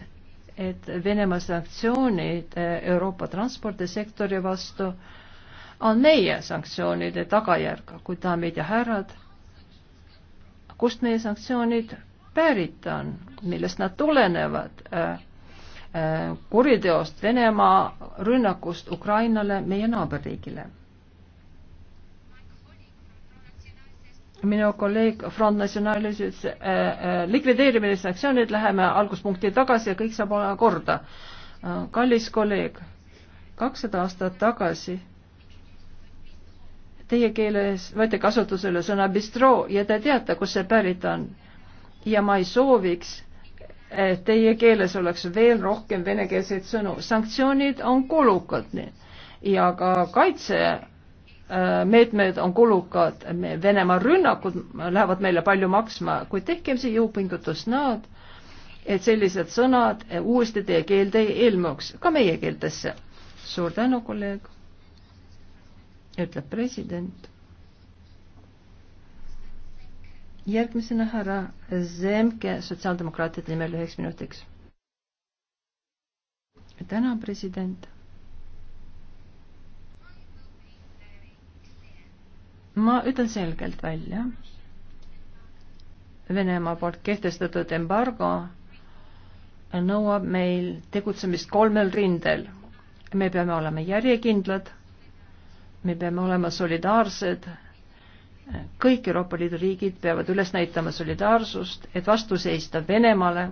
et Venemaa sanktsioonid äh, Euroopa transpordisektori vastu on meie sanktsioonide tagajärg, kui daamid ja härrad, kust meie sanktsioonid pärit on, millest nad tulenevad äh,, äh, kuriteost Venemaa, rünnakust Ukrainale, meie naaberriigile minu kolleeg Front Nationalis ütles äh, äh, likvideerimine, sanktsioonid, läheme alguspunkti tagasi ja kõik saab olema korda äh,. kallis kolleeg, kakssada aastat tagasi teie keeles võeti kasutusele sõna bistro ja te teate, kust see pärit on. ja ma ei sooviks, et teie keeles oleks veel rohkem venekeelseid sõnu. sanktsioonid on kulukad nii. ja ka kaitse meetmed on kulukad, Venemaa rünnakud lähevad meile palju maksma, kuid tehkem see jõupingutus nad, et sellised sõnad uuesti teie keelde ei ilmuks, ka meie keeltesse. suur tänu, kolleeg, ütleb president. järgmisena härra Zemke sotsiaaldemokraatide nimel üheks minutiks. tänan, president ma ütlen selgelt välja, Venemaa poolt kehtestatud embargo nõuab meil tegutsemist kolmel rindel. me peame olema järjekindlad, me peame olema solidaarsed, kõik Euroopa Liidu riigid peavad üles näitama solidaarsust, et vastu seista Venemaale.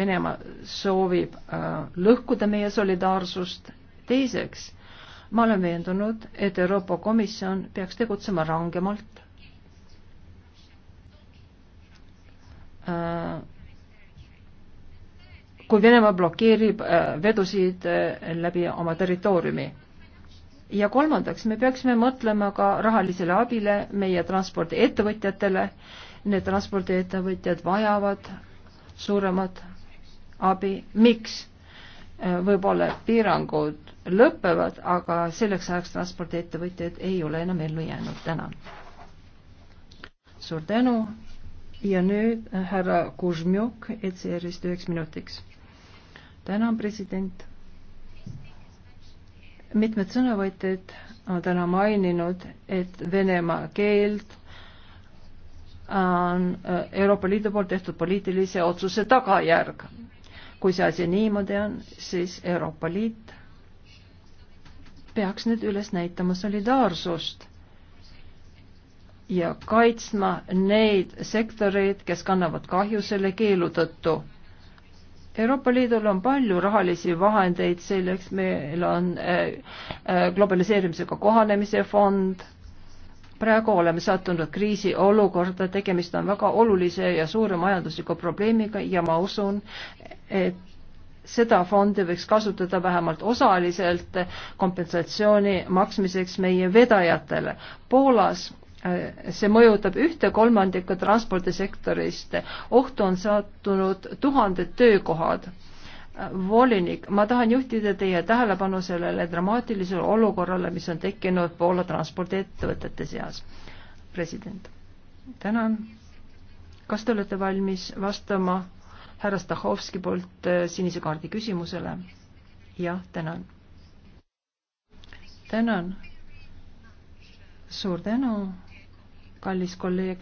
Venemaa soovib äh, lõhkuda meie solidaarsust, teiseks ma olen veendunud, et Euroopa Komisjon peaks tegutsema rangemalt äh, kui Venemaa blokeerib äh, vedusid äh, läbi oma territooriumi. ja kolmandaks, me peaksime mõtlema ka rahalisele abile meie transpordiettevõtjatele. Need transpordiettevõtjad vajavad suuremat abi. miks? võib-olla piirangud lõpevad, aga selleks ajaks transpordiettevõtjad ei ole enam ellu jäänud. tänan. suur tänu ja nüüd äh, härra Kuzmjuk ECR-ist üheks minutiks. tänan, president. mitmed sõnavõtjad on täna maininud, et venemaa keelt on äh, Euroopa Liidu poolt tehtud poliitilise otsuse tagajärg. kui see asi niimoodi on, siis Euroopa Liit peaks nüüd üles näitama solidaarsust ja kaitsma neid sektoreid, kes kannavad kahju selle keelu tõttu. Euroopa Liidul on palju rahalisi vahendeid selleks, meil on äh, äh, globaliseerimisega kohanemise fond, praegu oleme sattunud kriisiolukorda, tegemist on väga olulise ja suure majandusliku probleemiga ja ma usun, et seda fondi võiks kasutada vähemalt osaliselt kompensatsiooni maksmiseks meie vedajatele. Poolas äh, see mõjutab ühte kolmandikku transpordisektorist, ohtu on sattunud tuhanded töökohad. volinik, ma tahan juhtida teie tähelepanu sellele dramaatilisele olukorrale, mis on tekkinud Poola transpordiettevõtete seas. president, tänan. kas te olete valmis vastama härra Stahovski poolt äh, sinise kaardi küsimusele. jah, tänan. tänan. suur tänu, kallis kolleeg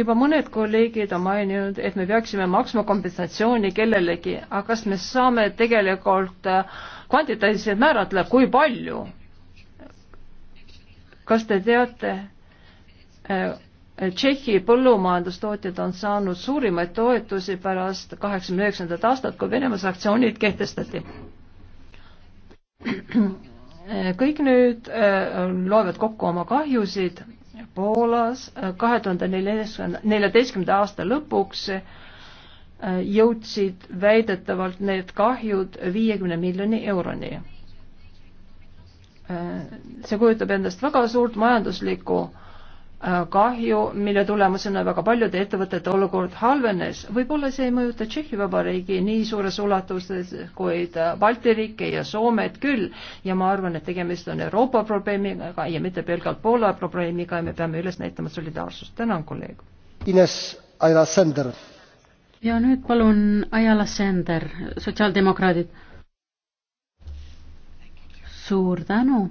juba mõned kolleegid on maininud, et me peaksime maksma kompensatsiooni kellelegi, aga kas me saame tegelikult äh, kvantitatiivselt määratleda, kui palju? kas te teate, äh, Tšehhi põllumajandustootjad on saanud suurimaid toetusi pärast kaheksakümne üheksandat aastat, kui Venemaa sanktsioonid kehtestati. kõik nüüd äh, loevad kokku oma kahjusid Poolas äh, kahe tuhande neljateistkümnenda aasta lõpuks äh, jõudsid väidetavalt need kahjud viiekümne miljoni euroni. see kujutab endast väga suurt majanduslikku Äh, kahju, mille tulemusena väga paljude ettevõtete olukord halvenes. võib-olla see ei mõjuta Tšehhi Vabariigi nii suures ulatuses, kuid äh, Balti riike ja Soomet küll. ja ma arvan, et tegemist on Euroopa probleemiga ja mitte pelgalt Poola probleemiga ja me peame üles näitama solidaarsust. tänan, kolleeg. Ines Ajala-Sender. ja nüüd palun Ajala-Sender, sotsiaaldemokraadid. suur tänu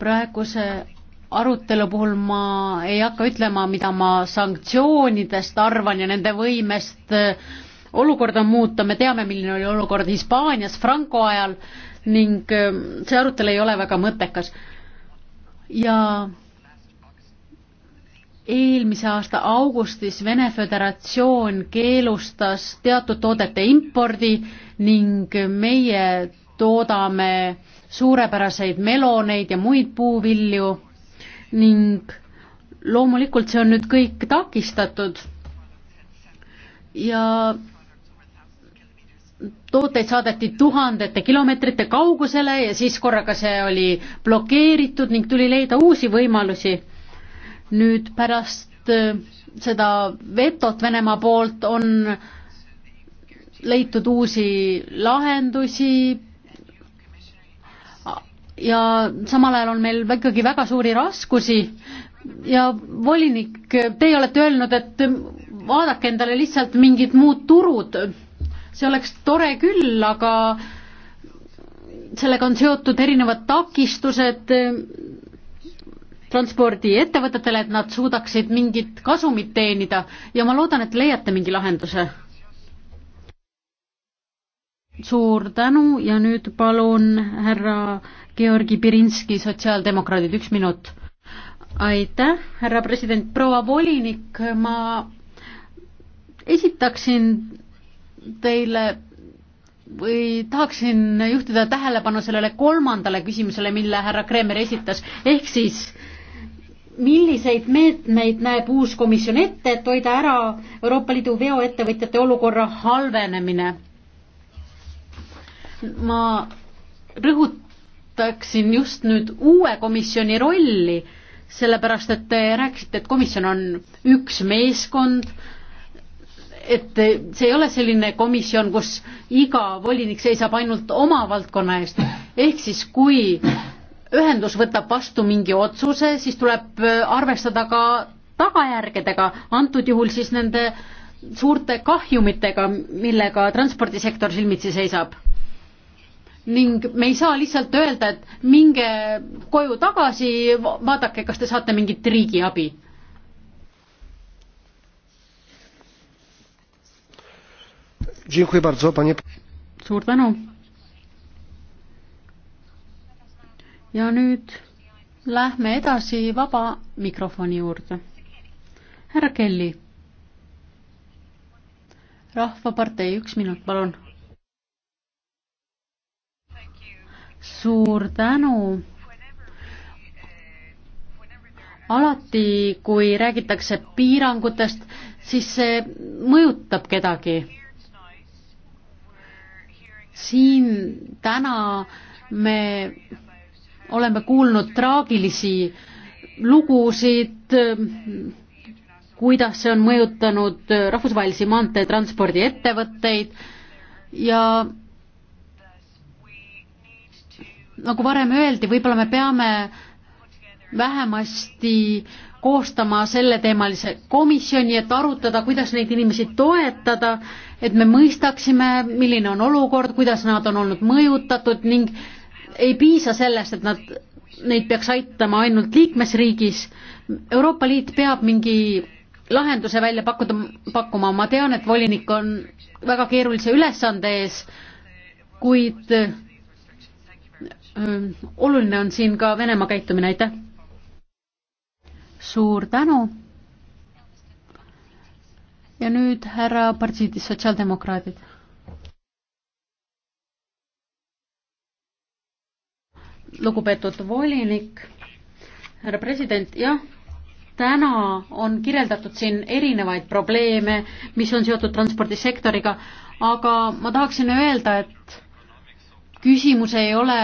praeguse arutelu puhul ma ei hakka ütlema, mida ma sanktsioonidest arvan ja nende võimest äh, olukorda muuta, me teame, milline oli olukord Hispaanias Franco ajal ning äh, see arutelu ei ole väga mõttekas. ja eelmise aasta augustis Vene Föderatsioon keelustas teatud toodete impordi ning meie toodame suurepäraseid meloneid ja muid puuvilju ning loomulikult see on nüüd kõik takistatud ja tooteid saadeti tuhandete kilomeetrite kaugusele ja siis korraga see oli blokeeritud ning tuli leida uusi võimalusi. nüüd pärast äh, seda vetot Venemaa poolt on leitud uusi lahendusi, ja samal ajal on meil ikkagi väga suuri raskusi ja volinik, teie olete öelnud, et vaadake endale lihtsalt mingid muud turud, see oleks tore küll, aga sellega on seotud erinevad takistused transpordiettevõtetele, et nad suudaksid mingit kasumit teenida ja ma loodan, et leiate mingi lahenduse suur tänu ja nüüd palun härra Georgi Pirinski, sotsiaaldemokraadid, üks minut. aitäh, härra president, proua volinik, ma esitaksin teile või tahaksin juhtida tähelepanu sellele kolmandale küsimusele, mille härra Kreemer esitas, ehk siis milliseid meetmeid näeb uus komisjon ette, et hoida ära Euroopa Liidu veoettevõtjate olukorra halvenemine ma rõhutaksin just nüüd uue komisjoni rolli, sellepärast et te rääkisite, et komisjon on üks meeskond, et see ei ole selline komisjon, kus iga volinik seisab ainult oma valdkonna eest, ehk siis kui ühendus võtab vastu mingi otsuse, siis tuleb arvestada ka tagajärgedega, antud juhul siis nende suurte kahjumitega, millega transpordisektor silmitsi seisab ning me ei saa lihtsalt öelda, et minge koju tagasi, vaadake, kas te saate mingit riigiabi. suur tänu. ja nüüd lähme edasi vaba mikrofoni juurde. härra Kelly. rahvapartei, üks minut, palun suur tänu. alati, kui räägitakse piirangutest, siis see mõjutab kedagi. siin täna me oleme kuulnud traagilisi lugusid, kuidas see on mõjutanud rahvusvahelisi maanteetranspordiettevõtteid ja nagu varem öeldi, võib-olla me peame vähemasti koostama selleteemalise komisjoni, et arutada, kuidas neid inimesi toetada, et me mõistaksime, milline on olukord, kuidas nad on olnud mõjutatud ning ei piisa sellest, et nad, neid peaks aitama ainult liikmesriigis. Euroopa Liit peab mingi lahenduse välja pakkuda, pakkuma, ma tean, et volinik on väga keerulise ülesande ees, kuid oluline on siin ka Venemaa käitumine, aitäh! suur tänu! ja nüüd härra Partsiidis, sotsiaaldemokraadid. lugupeetud volinik, härra president, jah, täna on kirjeldatud siin erinevaid probleeme, mis on seotud transpordisektoriga, aga ma tahaksin öelda, et küsimus ei ole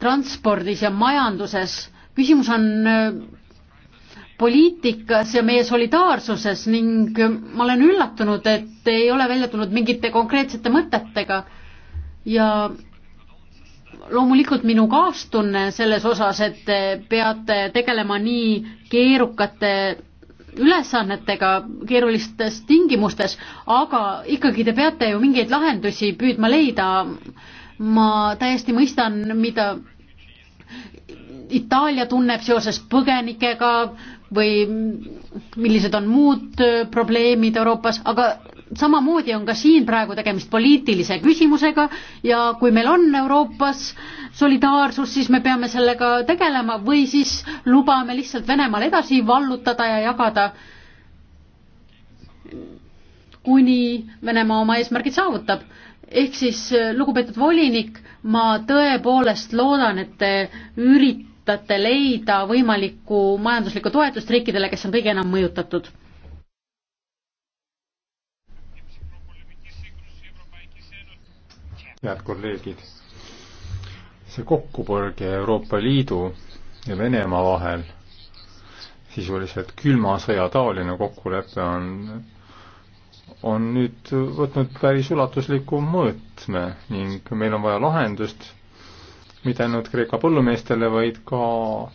transpordis ja majanduses, küsimus on äh, poliitikas ja meie solidaarsuses ning äh, ma olen üllatunud, et ei ole välja tulnud mingite konkreetsete mõtetega ja loomulikult minu kaastunne selles osas, et te peate tegelema nii keerukate ülesannetega keerulistes tingimustes, aga ikkagi te peate ju mingeid lahendusi püüdma leida. ma täiesti mõistan, mida Itaalia tunneb seoses põgenikega või millised on muud probleemid Euroopas, aga samamoodi on ka siin praegu tegemist poliitilise küsimusega ja kui meil on Euroopas solidaarsus, siis me peame sellega tegelema või siis lubame lihtsalt Venemaal edasi vallutada ja jagada kuni Venemaa oma eesmärgid saavutab. ehk siis, lugupeetud volinik, ma tõepoolest loodan, et te üritate leida võimalikku majanduslikku toetust riikidele, kes on kõige enam mõjutatud head kolleegid, see kokkupõrge Euroopa Liidu ja Venemaa vahel, sisuliselt külma sõja taoline kokkulepe on, on nüüd võtnud päris ulatusliku mõõtme ning meil on vaja lahendust mitte ainult Kreeka põllumeestele, vaid ka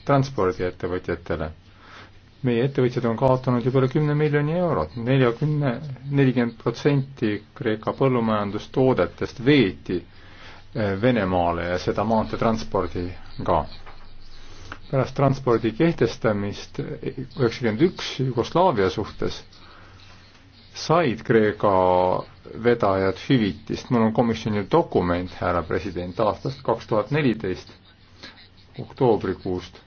transpordiettevõtjatele meie ettevõtjad on kaotanud juba üle kümne miljoni eurot, neljakümne, nelikümmend protsenti Kreeka põllumajandustoodetest veeti eh, Venemaale ja seda maanteetranspordiga. pärast transpordi kehtestamist eh, üheksakümmend üks Jugoslaavia suhtes said Kreeka vedajad hüvitist, mul on komisjoni dokument, härra president, aastast kaks tuhat neliteist oktoobrikuust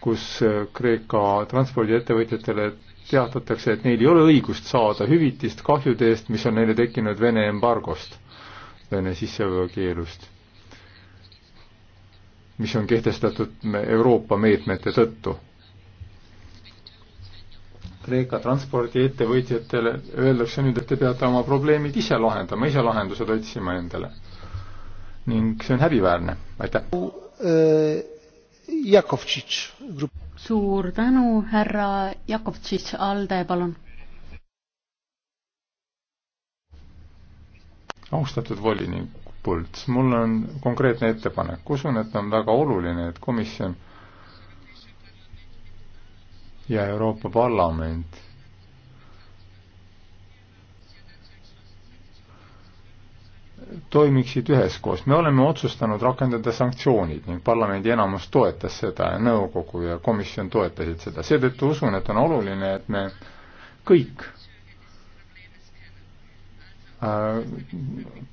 kus äh, Kreeka transpordiettevõtjatele teatatakse, et neil ei ole õigust saada hüvitist kahjude eest, mis on neile tekkinud Vene embargost, Vene sisseveokeelust, mis on kehtestatud Euroopa meetmete tõttu. Kreeka transpordiettevõtjatele öeldakse nüüd, et te peate oma probleemid ise lahendama, ise lahendused otsima endale. ning see on häbiväärne, aitäh äh, Jakovtšitš. suur tänu, härra Jakovtšitš, ALDE, palun. austatud volinik Pults, mul on konkreetne ettepanek, usun, et on väga oluline, et komisjon ja Euroopa Parlament toimiksid üheskoos. me oleme otsustanud rakendada sanktsioonid ning parlamendi enamus toetas seda ja nõukogu ja komisjon toetasid seda. seetõttu usun, et on oluline, et me kõik, äh,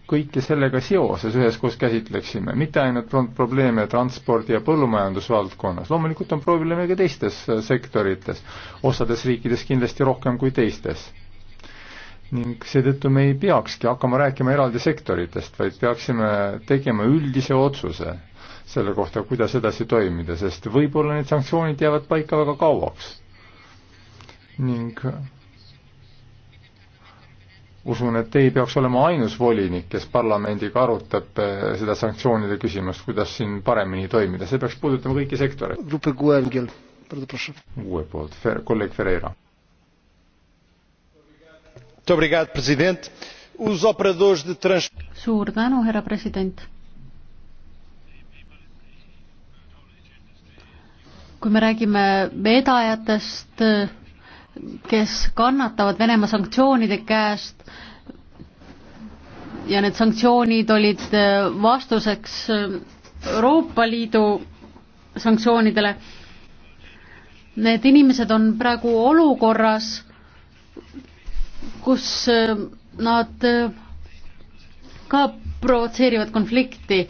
kõike sellega seoses üheskoos käsitleksime, mitte ainult probleeme transpordi- ja põllumajandusvaldkonnas, loomulikult on probleeme ka teistes sektorites, osades riikides kindlasti rohkem kui teistes ning seetõttu me ei peakski hakkama rääkima eraldi sektoritest, vaid peaksime tegema üldise otsuse selle kohta, kuidas edasi toimida, sest võib-olla need sanktsioonid jäävad paika väga kauaks. ning usun, et ei peaks olema ainus volinik, kes parlamendiga arutab eh, seda sanktsioonide küsimust, kuidas siin paremini toimida, see peaks puudutama kõiki sektoreid. uue poolt, kolleeg Ferreira suur tänu, härra president. kui me räägime vedajatest, kes kannatavad Venemaa sanktsioonide käest ja need sanktsioonid olid vastuseks Euroopa Liidu sanktsioonidele, need inimesed on praegu olukorras, kus äh, nad äh, ka provotseerivad konflikti.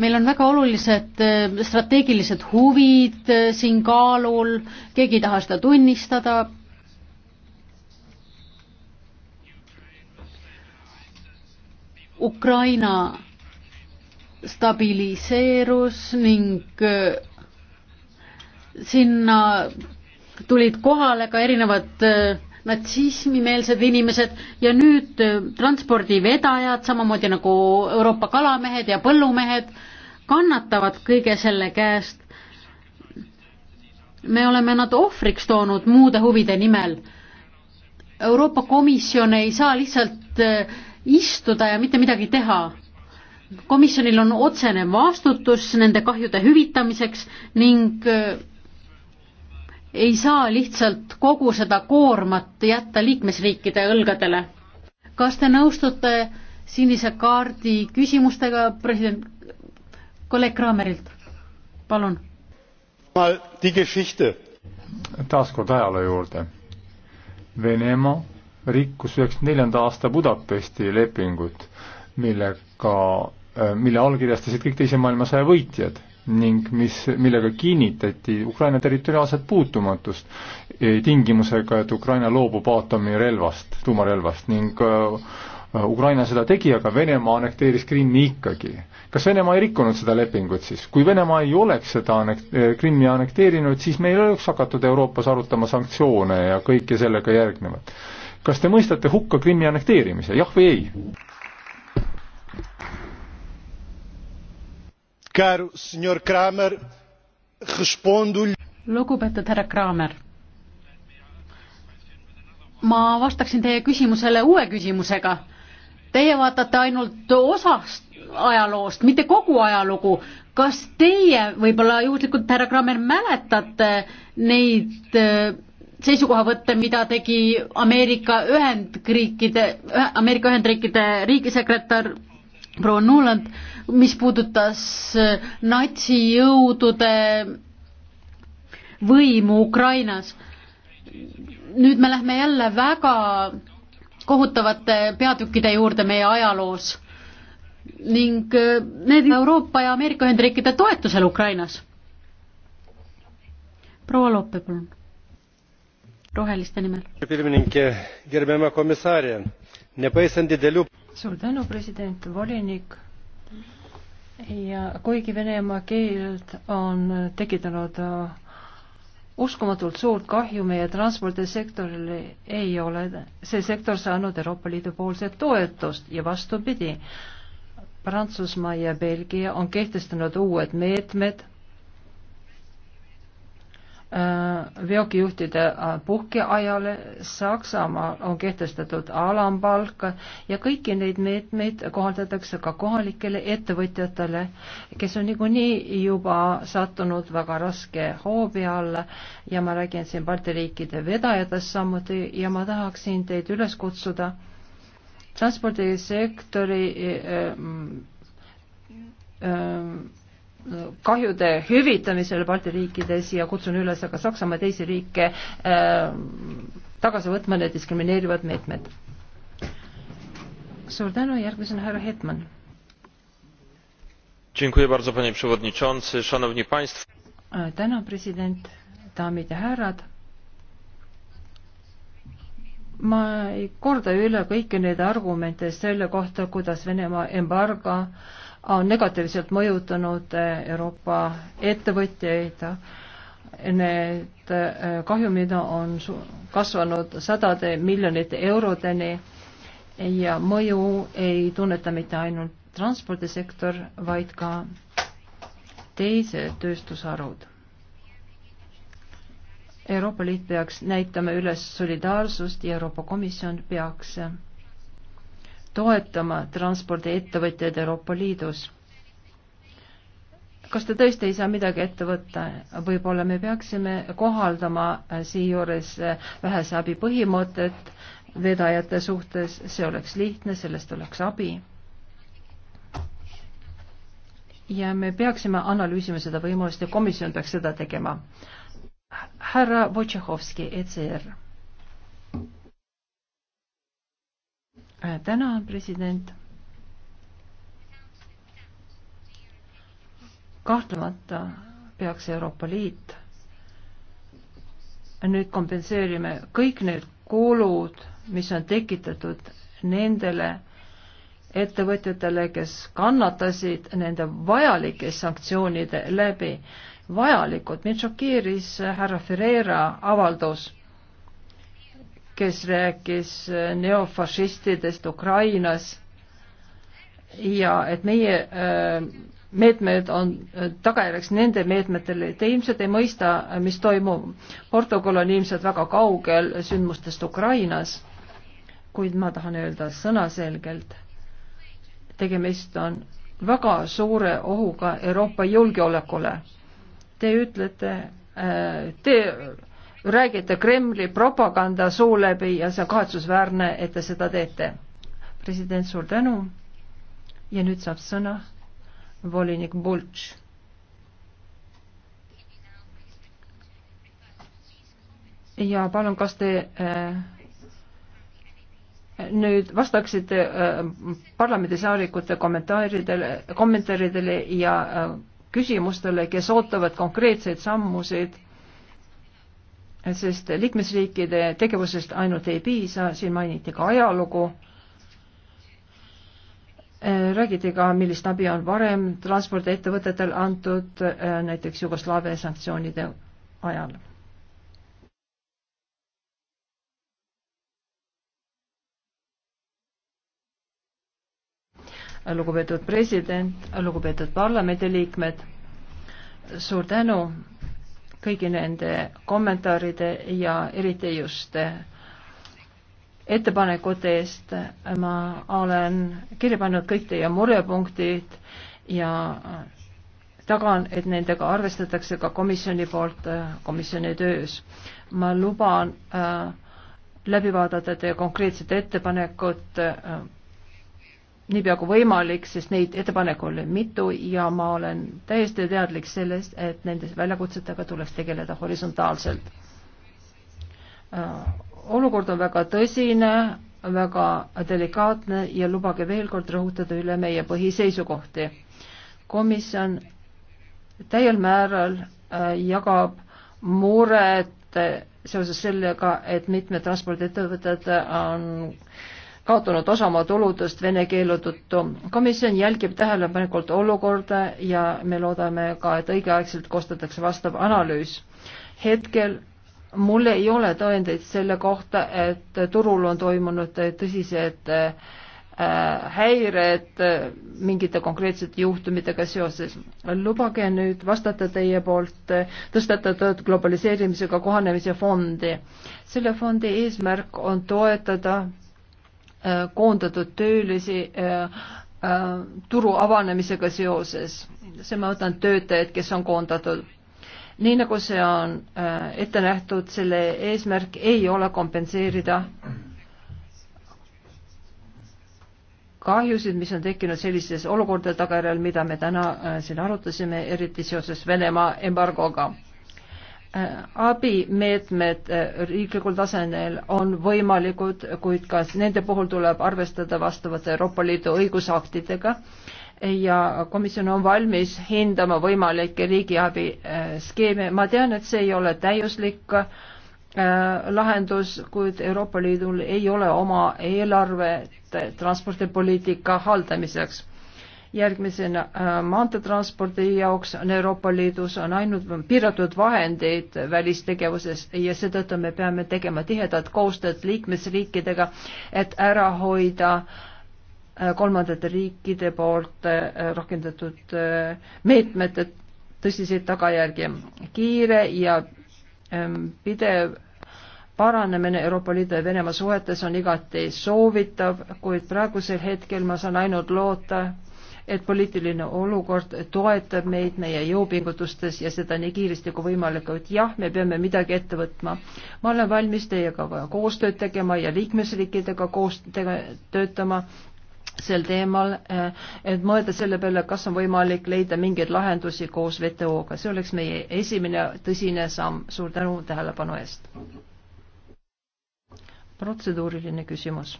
meil on väga olulised äh, strateegilised huvid siin kaalul, keegi ei taha seda tunnistada. Ukraina stabiliseerus ning sinna tulid kohale ka erinevad natsismimeelsed inimesed ja nüüd äh, transpordivedajad, samamoodi nagu Euroopa kalamehed ja põllumehed, kannatavad kõige selle käest. me oleme nad ohvriks toonud muude huvide nimel. Euroopa Komisjon ei saa lihtsalt äh, istuda ja mitte midagi teha. komisjonil on otsene vastutus nende kahjude hüvitamiseks ning äh, ei saa lihtsalt kogu seda koormat jätta liikmesriikide õlgadele. kas te nõustute sinise kaardi küsimustega president, kolleeg Kraamerilt, palun? taas kord ajaloo juurde. Venemaa rikkus üheksakümne neljanda aasta Budapesti lepingut, millega, mille allkirjastasid kõik teise maailmasõja võitjad ning mis, millega kinnitati Ukraina territoriaalset puutumatust e, tingimusega, et Ukraina loobub aatomirelvast, tuumarelvast ning e, Ukraina seda tegi, aga Venemaa annekteeris Krimmi ikkagi. kas Venemaa ei rikkunud seda lepingut siis? kui Venemaa ei oleks seda annek-, e, Krimmi annekteerinud, siis meil oleks hakatud Euroopas arutama sanktsioone ja kõike sellega järgnevat. kas te mõistate hukka Krimmi annekteerimise, jah või ei? Caro signor Kramer, respondo lhe lugupeetud härra Kraamer. ma vastaksin teie küsimusele uue küsimusega. Teie vaatate ainult osast ajaloost, mitte kogu ajalugu. kas teie võib-olla juhuslikult, härra Kraamer, mäletate neid äh, seisukohavõtte, mida tegi Ameerika Ühendriikide, Ameerika Ühendriikide riigisekretär proua Nuland, mis puudutas äh, natsijõudude võimu Ukrainas. nüüd me lähme jälle väga kohutavate peatükkide juurde meie ajaloos ning äh, need Euroopa ja Ameerika Ühendriikide toetusel Ukrainas. proua Loppe, palun. roheliste nimel. gerbiama komissari, nepaisant didelių suur tänu, president, volinik. ja kuigi Venemaa keeld on tekitanud äh, uskumatult suurt kahju meie transpordisektorile, ei ole see sektor saanud Euroopa Liidu poolset toetust ja vastupidi, Prantsusmaa ja Belgia on kehtestanud uued meetmed Äh, veokijuhtide äh, puhkeajale, Saksamaal on kehtestatud alampalk ja kõiki neid meetmeid kohaldatakse ka kohalikele ettevõtjatele, kes on niikuinii juba sattunud väga raske hoobi alla ja ma räägin siin Balti riikide vedajatest samuti ja ma tahaksin teid üles kutsuda transpordisektori äh, mm, äh, kahjude hüvitamisele Balti riikides ja kutsun üles ka Saksamaa ja teisi riike äh, tagasi võtma need diskrimineerivad meetmed. suur tänu, järgmisena härra Hetman. Äh, tänan, president, daamid ja härrad. ma ei korda üle kõiki neid argumente selle kohta, kuidas Venemaa embargo äh, on negatiivselt mõjutanud eh, Euroopa ettevõtjaid. Need eh, kahjumid on kasvanud sadade miljonite eurodeni ja mõju ei tunneta mitte ainult transpordisektor, vaid ka teised tööstusharud. Euroopa Liit peaks näitama üles solidaarsust ja Euroopa Komisjon peaks toetama transpordiettevõtjaid Euroopa Liidus. kas te tõesti ei saa midagi ette võtta? võib-olla me peaksime kohaldama siinjuures vähese abi põhimõtet vedajate suhtes, see oleks lihtne, sellest oleks abi. ja me peaksime analüüsima seda võimalust ja komisjon peaks seda tegema. härra Wojciechowski, ECR Äh, tänan, president. kahtlemata peaks Euroopa Liit nüüd kompenseerime kõik need kulud, mis on tekitatud nendele ettevõtjatele, kes kannatasid nende vajalike sanktsioonide läbi. vajalikud, mind šokeeris härra Ferreira avaldus kes rääkis neofašistidest Ukrainas ja et meie äh, meetmed on äh, tagajärjeks nende meetmetele, te ilmselt ei mõista, äh, mis toimub. Portugal on ilmselt väga kaugel sündmustest Ukrainas, kuid ma tahan öelda sõnaselgelt, tegemist on väga suure ohuga Euroopa julgeolekule. Te ütlete, te räägite Kremli propaganda suu läbi ja see on kahetsusväärne, et te seda teete. president, suur tänu. ja nüüd saab sõna volinik Bultš. ja palun, kas te äh, nüüd vastaksite äh, parlamendisaalikute kommentaaridele, kommentaaridele ja äh, küsimustele, kes ootavad konkreetseid sammusid äh, sest liikmesriikide tegevusest ainult ei piisa, siin mainiti ka ajalugu, räägiti ka, millist abi on varem transpordiettevõtetel antud eh, näiteks Jugoslaavia sanktsioonide ajal lugupeetud president, lugupeetud parlamendiliikmed, suur tänu kõigi nende kommentaaride ja eriti just ettepanekute eest. ma olen kirja pannud kõik teie murepunktid ja tagan, et nendega arvestatakse ka komisjoni poolt komisjoni töös. ma luban äh, läbi vaadata teie konkreetsed ettepanekud äh, niipea kui võimalik, sest neid ettepanekuid oli mitu ja ma olen täiesti teadlik sellest, et nende väljakutsetega tuleks tegeleda horisontaalselt. Äh, olukord on väga tõsine, väga delikaatne ja lubage veel kord rõhutada üle meie põhiseisukohti. komisjon täiel määral äh, jagab muret seoses sellega, et mitmed transpordiettevõtted on äh, kaotanud osa oma tuludest vene keele tõttu. komisjon jälgib tähelepanelikult olukorda ja me loodame ka, et õigeaegselt koostatakse vastav analüüs. hetkel mul ei ole tõendeid selle kohta, et turul on toimunud tõsised äh, häired mingite konkreetsete juhtumitega seoses. lubage nüüd vastata teie poolt tõstatatud globaliseerimisega kohanemise fondi. selle fondi eesmärk on toetada Äh, koondatud töölisi äh, äh, turu avanemisega seoses. see ma võtan töötajaid, kes on koondatud. nii nagu see on ette nähtud, selle eesmärk ei ole kompenseerida kahjusid, mis on tekkinud sellistes olukordade tagajärjel, mida me täna siin arutasime, eriti seoses Venemaa embargoga Äh, abimeetmed äh, riiklikul tasemel on võimalikud, kuid ka nende puhul tuleb arvestada vastavate Euroopa Liidu õigusaktidega ja komisjon on valmis hindama võimalikke riigiabi äh, skeeme. ma tean, et see ei ole täiuslik lahendus, kuid Euroopa Liidul ei ole oma eelarvet transpordipoliitika haldamiseks järgmisena äh, maanteetranspordi jaoks on Euroopa Liidus on ainult piiratud vahendeid välistegevuses ja seetõttu me peame tegema tihedat koostööd liikmesriikidega, et ära hoida äh, kolmandate riikide poolt äh, rakendatud meetmete tõsiseid tagajärgi. kiire ja ähm, pidev paranemine Euroopa Liidu ja Venemaa suhetes on igati soovitav, kuid praegusel hetkel ma saan ainult loota et poliitiline olukord toetab meid meie jõupingutustes ja seda nii kiiresti kui võimalik, et jah, me peame midagi ette võtma. ma olen valmis teiega koostööd tegema ja liikmesriikidega koos töötama sel teemal, et mõelda selle peale, kas on võimalik leida mingeid lahendusi koos WTO-ga. see oleks meie esimene tõsine samm. suur tänu tähelepanu eest. protseduuriline küsimus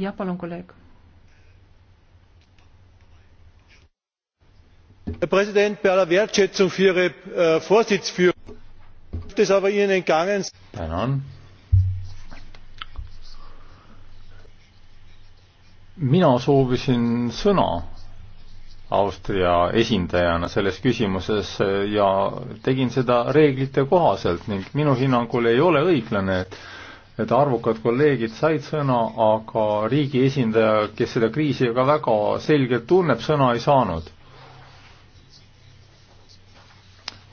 jah, palun, kolleeg. Herr Präsident, bei aller Wertschätzung für Ihre äh, Vorsitzführung dürfte es aber Ihnen entgangen sein. mina soovisin sõna Austria esindajana selles küsimuses äh, ja tegin seda reeglite kohaselt ning minu hinnangul ei ole õiglane, et et arvukad kolleegid said sõna, aga riigi esindaja, kes seda kriisi ka väga selgelt tunneb, sõna ei saanud.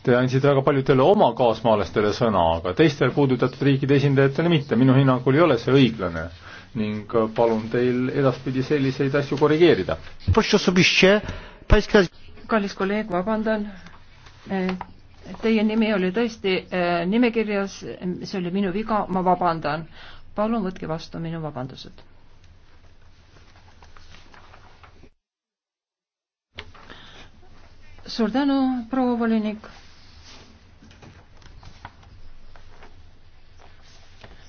Te andsite väga paljudele oma kaasmaalastele sõna, aga teistel puudutatud riikide esindajatele mitte, minu hinnangul ei ole see õiglane ning palun teil edaspidi selliseid asju korrigeerida. kallis kolleeg, vabandan Teie nimi oli tõesti äh, nimekirjas, see oli minu viga, ma vabandan. palun võtke vastu minu vabandused. suur tänu, proua volinik